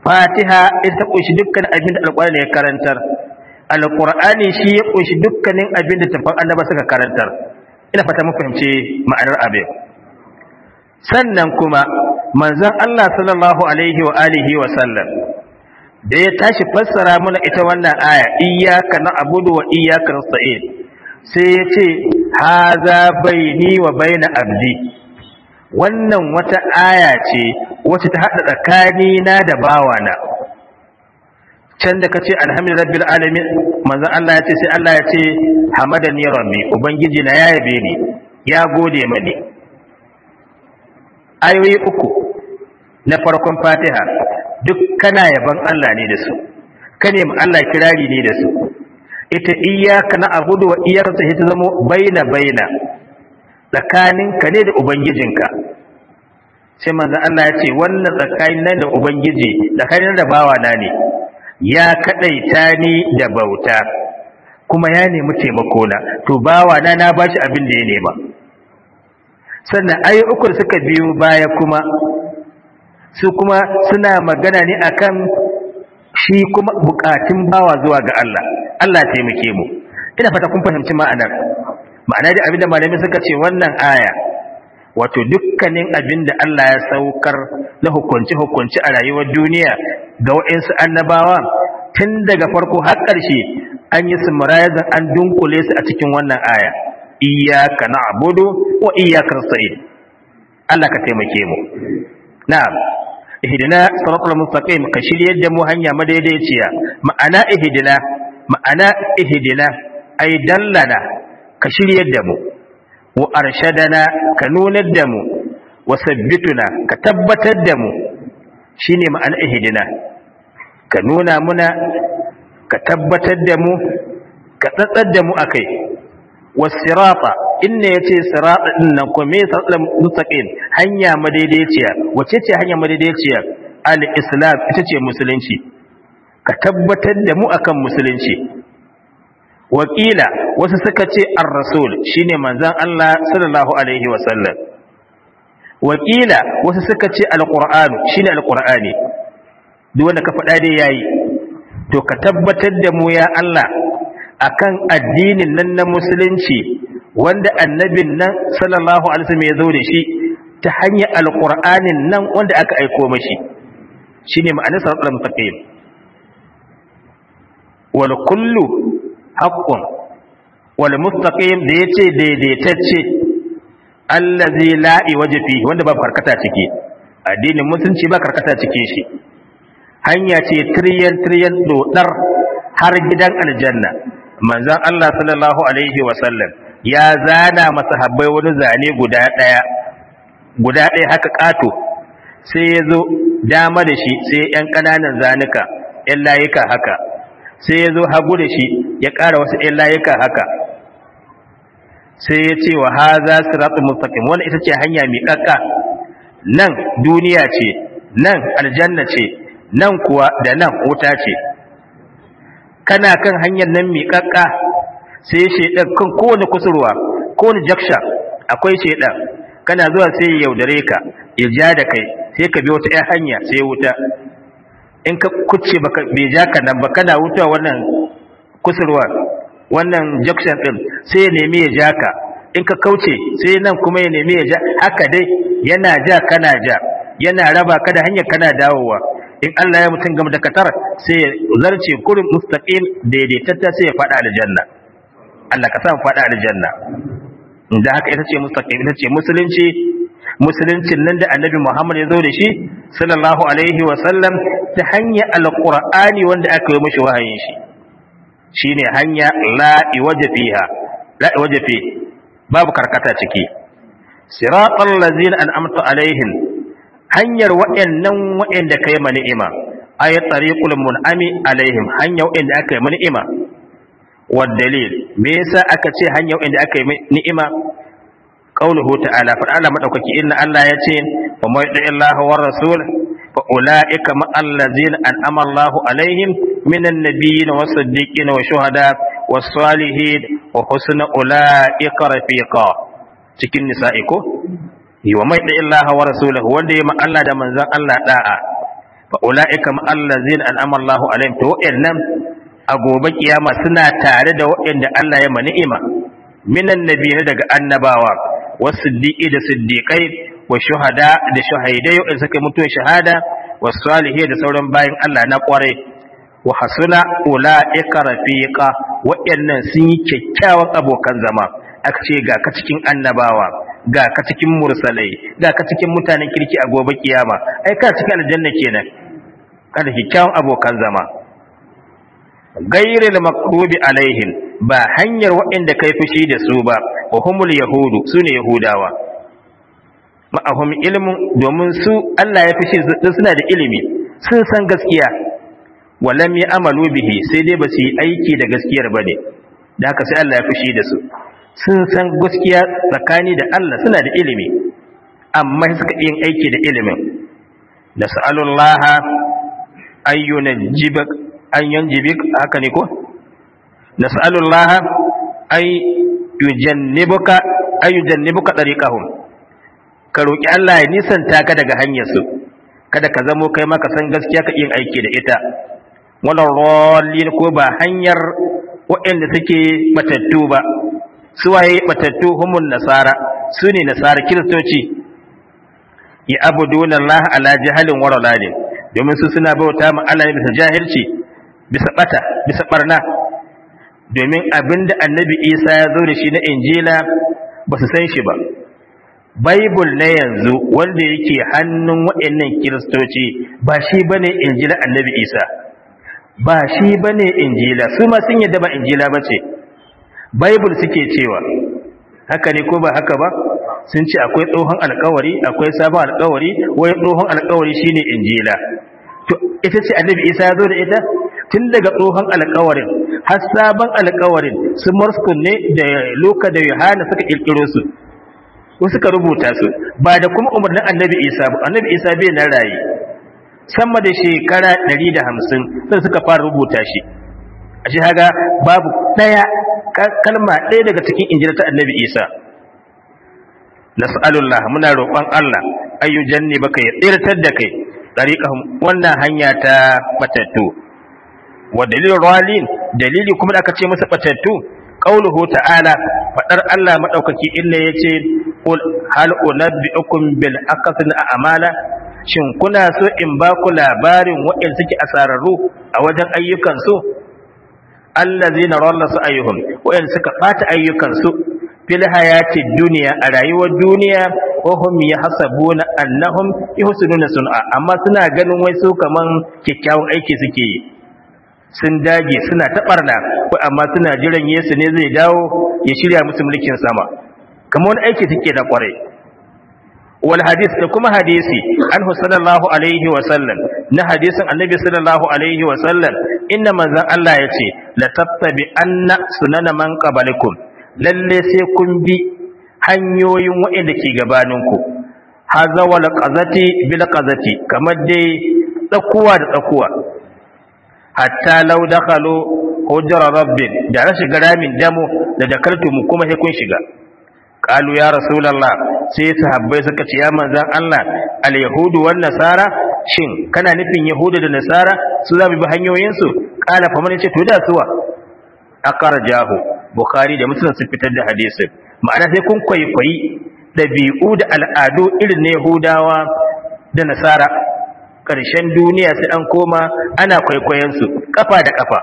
fatiha ita ta kunshi dukkanin abin da ne ya karantar alƙur'ani shi ya kunshi dukkanin abin da tafan annaba suka karantar ina fata mun ma'anar abin sannan kuma manzon Allah sallallahu alaihi wa alihi wa sallam da ya tashi fassara mana ita wannan aya iyyaka na'budu wa iyyaka nasta'in sai ya ce haza baini wa baina abdi wannan wata aya ce wacce ta hada tsakanina da bawana can da kace Alhamdulillahi rabbil alamin manzon Allah ya ce sai Allah ya ce hamadani rabbi ubangiji na ya yabe ni ya gode mani ayoyi uku na farkon fatiha duk kana yaban Allah ne da su ka mu Allah kirari ne da su ita iyyaka na abudu wa iyyaka ya ta zamo baina baina tsakaninka ne da ubangijinka sai manzo Allah ya ce wannan tsakanin nan da ubangiji tsakanin da bawa na ne ya kadaita ni da bauta kuma ya nemi taimako na to bawa na na bashi abin da ya nema sannan ayyukan suka biyo baya kuma su kuma suna magana ne akan shi kuma bukatun bawa zuwa ga Allah Allah taimake mu ina fata kun fahimci ma'anar ma'ana da abinda suka ce wannan aya wato dukkanin abinda Allah ya saukar na hukunci hukunci a rayuwar duniya ga waɗansu annabawa tun daga farko har ƙarshe an yi zan an dunkule su a cikin wannan aya iyyaka na'budu wa iyyaka nasta'in Allah ka taimake mu na'am ihdina siratal mustaqim ka shirya da mu hanya madaidaiciya ma'ana ihdina ma'ana ihdina ay dallana ka shiryar da mu wa arshadana ka nunar da mu wa sabbituna ka tabbatar da mu shine ma'ana ihdina ka nuna muna ka tabbatar da mu ka tsatsar da mu akai sirata inna ce sirata din nan ko me sirata mustaqim hanya madaidaiciya wace ce hanya madaidaiciya al-islam ita ce musulunci ka tabbatar da mu akan musulunci wakila wasu suka ce ar-rasul shine manzon Allah sallallahu alaihi wasallam wakila wasu suka ce al-qur'an shine al-qur'ani duk wanda ka faɗa dai yayi to ka tabbatar da mu ya Allah akan addinin nan na musulunci wanda annabin nan sallallahu alaihi wasallam ya zo da shi ta hanyar alqur'anin nan wanda aka aiko mashi shine ma'anar siratal mustaqim wal kullu haqqun wal mustaqim da yace daidaitacce allazi la iwaje wanda ba karkata cike addinin musulunci ba karkata cike shi hanya ce triyan triyan dodar har gidan aljanna manzon Allah sallallahu alaihi wasallam ya zana masahabbai wani zane guda ɗaya guda ɗaya haka ƙato sai ya zo dama da shi sai ‘yan ƙananan zanuka ‘yan layuka haka sai ya zo hagu da shi ya ƙara wasu ‘yan layuka haka sai ya ce wa haza ratsu mustaqim wani ita ce hanya mai ƙaƙa nan duniya ce nan aljanna ce nan kuwa da nan wuta ce kana kan hanyar nan mai ƙaƙa sai shaidan kan kowane kusurwa kowane jaksha akwai shaidan. kana zuwa sai ya yaudare ka ya ja da kai sai ka bi wata ɗaya hanya sai wuta in ka kuce baka bai ja ka nan ba kana wuta wannan kusurwa wannan jakshan ɗin, sai ya nemi ya ja ka in ka kauce sai nan kuma ya nemi ya ja haka dai yana ja kana ja yana raba ka da hanyar kana dawowa in Allah ya mutum gama da katar sai zarce kurin mustaqim daidaitatta sai ya faɗa aljanna Allah ka sa mu faɗa aljanna da haka ita ce mustaqim ita ce musulunci musuluncin nan da annabi Muhammad ya zo da shi sallallahu alaihi wa sallam ta hanya alqur'ani wanda aka yi mishi wahayin shi shine hanya la iwaja fiha la iwaja fi babu karkata ciki siratal ladzina an'amta alaihim hanyar waɗannan waɗanda kai ma ni'ima ay tariqul mun'ami alaihim hanya waɗanda aka yi ni'ima Wan dalil me yasa aka ce hanyar inda aka yi ni'ima qauluhu ta'ala fa Allah madaukaki inna Allah ya ce wa may Allah wa rasul fa ulaika ma allazina an'ama Allah alaihim minan nabiyyin was siddiqin wa shuhada was salihin wa husna ulaika rafiqa cikin nisa'i ko wa mai da illaha wa rasulahu wanda ya Allah da manzon Allah da'a ma to a gobe kiyama suna tare da waɗanda Allah ya ni'ima minan nabiyyi daga annabawa wasiddiqi da siddiqai wa shuhada da shahidai in suka mutu shahada wa salihi da sauran bayin Allah na kware wa hasuna ulaika rafiqa waɗannan sun yi kyakkyawan abokan zama aka ce ga ka cikin annabawa ga ka cikin mursalai ga ka cikin mutanen kirki a gobe kiyama ai ka cikin aljanna kenan kada kyakkyawan abokan zama gairil makrubi alaihim ba hanyar waɗanda kai fushi da su ba wa humul yahudu su ne yahudawa ma'ahum ilmin domin su Allah ya fushi suna da ilimi sun san gaskiya walam ya amalu bihi sai dai ba su yi aiki da gaskiyar ba ne da haka sai Allah ya fushi da su sun san gaskiya tsakani da Allah suna da ilimi amma suka yin aiki da ilimin da sa'alullaha ayyuna jibak an bi haka ne ko nas'alullaha ay yujannibuka ay yujannibuka tariqahum ka roki Allah ya nisanta ka daga hanyar su kada ka zamo kai maka san gaskiya ka yin aiki da ita wannan rollin ko ba hanyar waɗanda suke matattu ba su suwaye matattu humun nasara su ne nasara kiristoci ya abu dunan Allah ala jahalin ne domin su suna bauta ma Allah bisa jahilci bisa bata bisa barna domin abinda annabi isa ya zo da shi na injila ba su san shi ba baibul na yanzu wanda yake hannun waɗannan kiristoci ba shi ba ne injila annabi isa ba shi ba ne injila su ma sun yadda ba injila ba ce baibul suke cewa haka ne ko ba haka ba sun ce akwai tsohon alkawari akwai sabon alkawari wai tsohon alkawari shine injila to ita ce annabi isa ya zo da ita tun daga tsohon alkawarin har sabon alkawarin su morskun ne da loka da yohana suka kirkiro su ko suka rubuta su ba da kuma umarnin annabi isa ba annabi isa bai na raye sama da shekara 150 sai suka fara rubuta shi a shi haga babu ɗaya kalma ɗaya daga cikin injil ta annabi isa nas'alullah muna roƙon allah ayyujanni baka ya tsirtar da kai tsariƙahum wannan hanya ta matattu wa dalilin ralin dalili kuma da aka ce masa batattu qauluhu ta'ala fadar Allah madaukaki inna yace qul hal unabbiukum bil a'mala shin kuna so in ba ku labarin wa'in suke asararru a wajen ayyukansu allazina rallasu ayyuhum wa'in suka bata ayyukansu fil hayati duniya, a rayuwar duniya wahum yahsabuna annahum yuhsinuna sun'a amma suna ganin wai su kaman kikkiawan aiki suke yi sun dage suna taɓarna, ko amma suna jiran Yesu ne zai dawo ya shirya musu mulkin sama kamar wani aiki take da kwarai wal hadis da kuma hadisi anhu sallallahu alaihi wa sallam na hadisin annabi sallallahu alaihi wa sallam inna manzan Allah yace la tattabi anna sunana man qablakum lalle sai kun bi hanyoyin wa'inda ke gabaninku haza wal qazati bil qazati kamar dai tsakuwa da tsakuwa hatta law dakhalu hujra rabbin da ra shiga ramin damu da mu kuma sai kun shiga qalu ya rasulullah sai sahabbai suka ce ya manzan Allah al yahudu wan nasara shin kana nufin yahudu da nasara su za bi hanyoyin su qala fa man yace to da suwa akarjahu bukhari da muslim sun fitar da hadisin ma'ana sai kun kwaikwayi dabi'u da al'adu irin na yahudawa da nasara ƙarshen duniya sai an koma ana kwaikwayensu kafa da kafa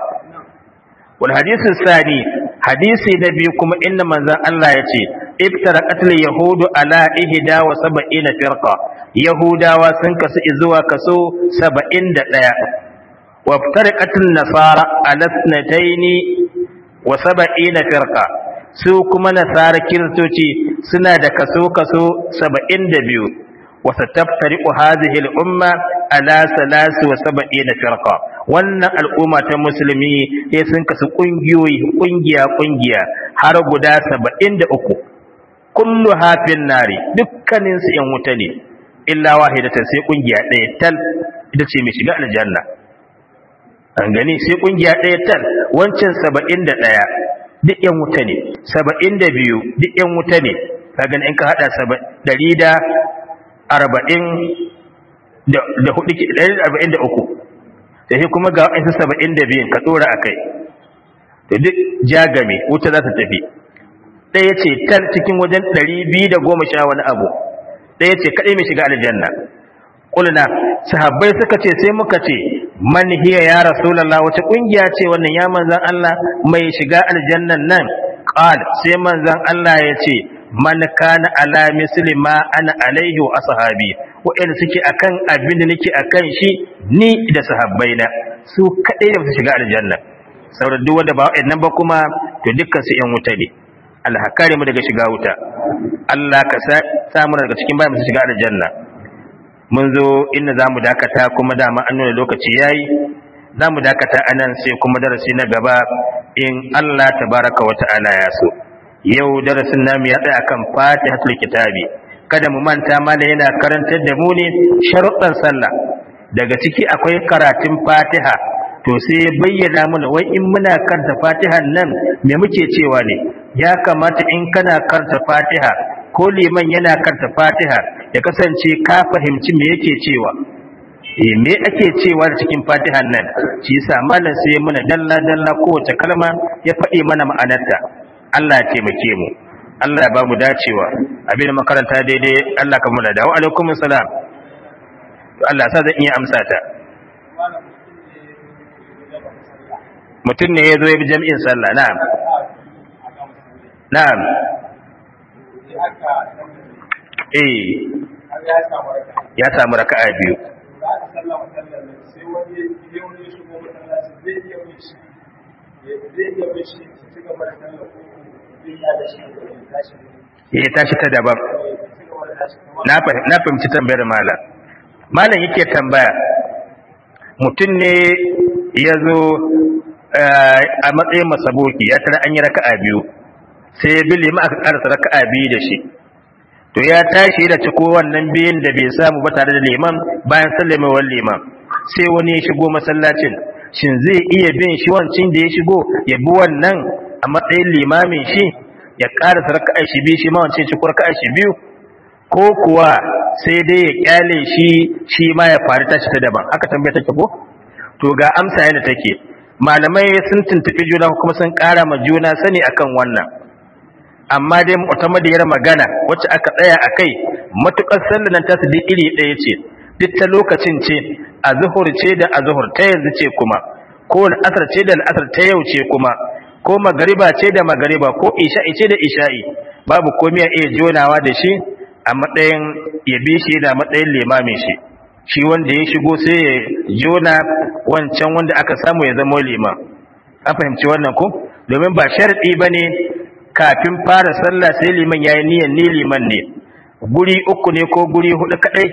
wal hadisi sani hadisi na biyu kuma inda manzan Allah ya ce iftara qatl yahudu ala ihda wa sab'ina firqa yahudawa sun kasu zuwa kaso 71 wa iftara qatl nasara ala 72 wa sab'ina firqa su kuma nasara kiristoci suna da kaso kaso 72 wa sataftariqu hadhihi al umma ala salasi wa saba'ina firqa wannan al'umma ta musulmi sai sun kasu kungiyoyi kungiya kungiya har guda 73 kullu hafin nari dukkanin su yan wuta ne illa wahidatan sai kungiya ɗaya tal ita ce mai shiga aljanna an gani sai kungiya ɗaya tal wancan 71 duk yan wuta ne saba'in da biyu duk yan wuta ne kagan in ka haɗa ɗari da arba'in da hudu ɗari da arba'in da uku da shi kuma ga wa'insu saba'in da biyun ka tsora a kai da duk jagame wuta za ta tafi ɗaya ce tal cikin wajen ɗari biyu da goma sha wani abu ɗaya ce kaɗai mai shiga aljanna ƙulna sahabbai suka ce sai muka ce man hiya ya rasulallah wace ƙungiya ce wannan ya manzan Allah mai shiga aljannan nan Ƙal sai manzan Allah ya ce man kana ala misli ma ana alaihi wa ashabi in suke akan abin da nake akan shi ni da sahabbaina su kadai da su shiga aljanna saboda duk wanda ba wa'annan ba kuma to dukkan su yan wuta ne Allah kare mu daga shiga wuta Allah ka sa mu daga cikin bayan su shiga aljanna mun zo inda zamu dakata kuma da ma annon lokaci yayi zamu dakata anan sai kuma darasi na gaba in Allah tabaraka wa ta'ala ya so yau darasin namu ya tsaya kan fatihatul kitabi kada mu manta mana yana karantar da mu ne sharuɗan sallah daga ciki akwai karatun fatiha to sai ya bayyana mana wai in muna karanta fatihan nan me muke cewa ne ya kamata in kana karanta fatiha ko liman yana karanta fatiha ya kasance ka fahimci me yake cewa eh me ake cewa cikin fatihan nan shi yasa malam sai muna dalla dalla kowace kalma ya faɗi mana ma'anarta Allah ya taimake mu Allah ya ba mu dacewa abin makaranta daidai Allah ka mula da wa alaikum salam to Allah sa zan iya amsa ta mutum ne ya zo ya bi jami'in sallah na'am na'am eh ya samu raka'a biyu zai iya wuce ci gaba da ya eh, tashi ta daban na fahimci tambayar malam malam yake tambaya mutum ne ya zo eh, a matsayin masaboki ya tara an yi raka biyu sai bi lima aka karasa raka'a biyu da shi to ya tashi da ciko wannan biyun da bai samu ba tare da liman bayan sallamewar liman sai wani ya shigo masallacin shin zai iya bin shi wancin da ya shigo ya bi wannan a matsayin limamin shi ya ƙara sarka a shi biyu shi ma wance ci kurka shi biyu ko kuwa sai dai ya ƙyale shi shi ma ya faru tashi ta daban aka tambaye take ko to ga amsa yana take malamai sun tuntuɓi juna kuma sun ƙara ma juna sani akan wannan amma dai madiyar magana wacce aka tsaya a kai matuƙar sallar ta su iri ɗaya ce duk ta lokacin ce a ce da a ta yanzu ce kuma ko asar ce da al'asar ta yau ce kuma ko magariba ce da magariba ko isha'i ce da isha'i babu komai a iya jonawa da shi a matsayin ya bi shi da matsayin limamin shi shi wanda ya shigo sai ya jona wancan wanda aka samu ya zama liman a fahimci wannan ku. domin ba ba ne kafin fara sallah sai liman ya yi niyyar ni liman ne guri uku ne ko guri hudu kaɗai,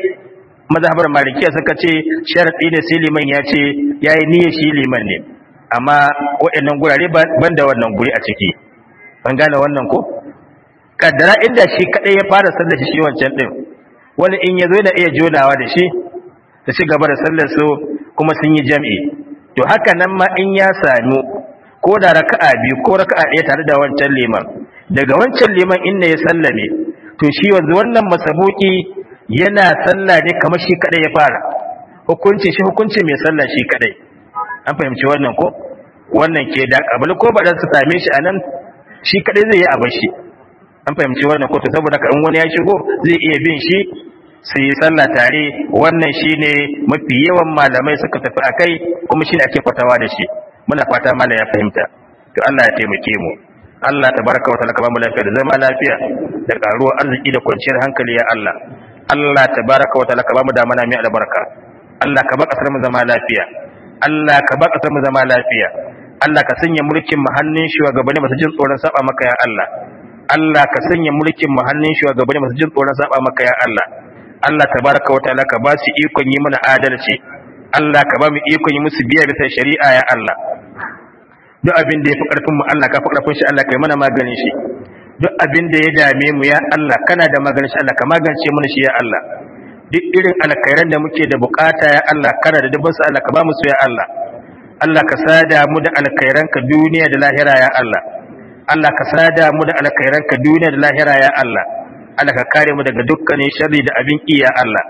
mazhabar malikiya suka ce sharadi ne sai liman ya ce ya yi niyyar shi liman ne amma waɗannan gurare ban da wannan guri a ciki ban gane wannan ko kaddara inda shi kaɗai ya fara sallar shi wancan din wani in yazo yana iya jonawa da shi ta ci gaba da sallar su kuma sun yi jami'i to haka nan ma in ya samu ko da raka'a biyu ko raka'a ɗaya tare da wancan liman daga wancan liman inda ya sallame to shi wanzu wannan masabuki yana sallah ne kamar shi kadai ya fara hukunci shi hukunci mai sallah shi kaɗai. an fahimci wannan ko wannan ke da kabul ko ba su same shi anan shi kadai zai yi a shi an fahimci wannan ko to saboda ka in wani ya shigo zai iya bin shi su yi sallah tare wannan shine mafi yawan malamai suka tafi akai kuma shine ake kwatawa da shi muna fata mala ya fahimta to Allah ya taimake mu Allah tabaraka wa ta'ala ka bamu lafiya da zama lafiya da karuwar arziki da kwanciyar hankali ya Allah Allah tabaraka wa ta'ala ka bamu damana mai albarka Allah ka ba kasar mu zama lafiya Allah ka ba kasar mu zama lafiya Allah ka sanya mulkin mu hannun shugabanni masu jin tsoron saba maka ya Allah Allah ka sanya mulkin mu hannun shugabanni masu jin tsoron saba maka ya Allah Allah tabaraka wataala ka ba su ikon yi mana adalci Allah ka ba mu ikon yi musu biya bisa shari'a ya Allah duk abin da ya fi ƙarfin mu Allah ka fi ƙarfin shi Allah ka yi mana maganin shi duk abin da ya dame mu ya Allah kana da maganin shi Allah ka magance mana shi ya Allah duk irin alkhairan da muke da bukata ya Allah kana da dubban su Allah ka ba mu su ya Allah Allah ka sada mu da alkhairan ka duniya da lahira ya Allah Allah ka sada mu da alkhairan ka duniya da lahira ya Allah Allah ka kare mu daga dukkanin sharri da abin ki ya Allah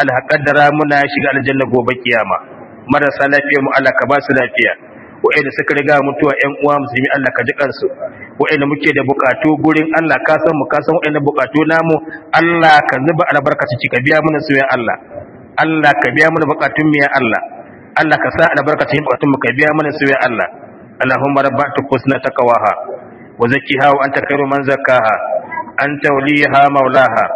Allah ka kaddara na shiga aljanna gobe kiyama marasa lafiya mu Allah ka ba su lafiya wa'anda suka riga mutuwa ƴan uwa musulmi Allah ka jikan su wa'anda muke da bukatu gurin Allah ka san mu ka san wa'anda bukatu namu Allah ka zuba albarka ciki ka biya mana su Allah Allah ka biya mana bukatun mu ya Allah Allah ka sa albarka cikin bukatun mu ka biya mana su Allah Allahumma rabbatu husna taqwaha wa zakkiha wa anta khairu man zakkaha anta waliyaha maulaha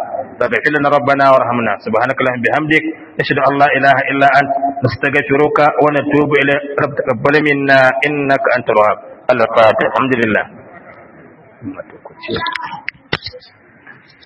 فاغفر لنا ربنا وارحمنا سبحانك اللهم بحمدك نشهد ان لا اله الا انت نستغفرك ونتوب اليك رب تقبل منا انك انت الوهاب الفاتح الحمد لله madaukakin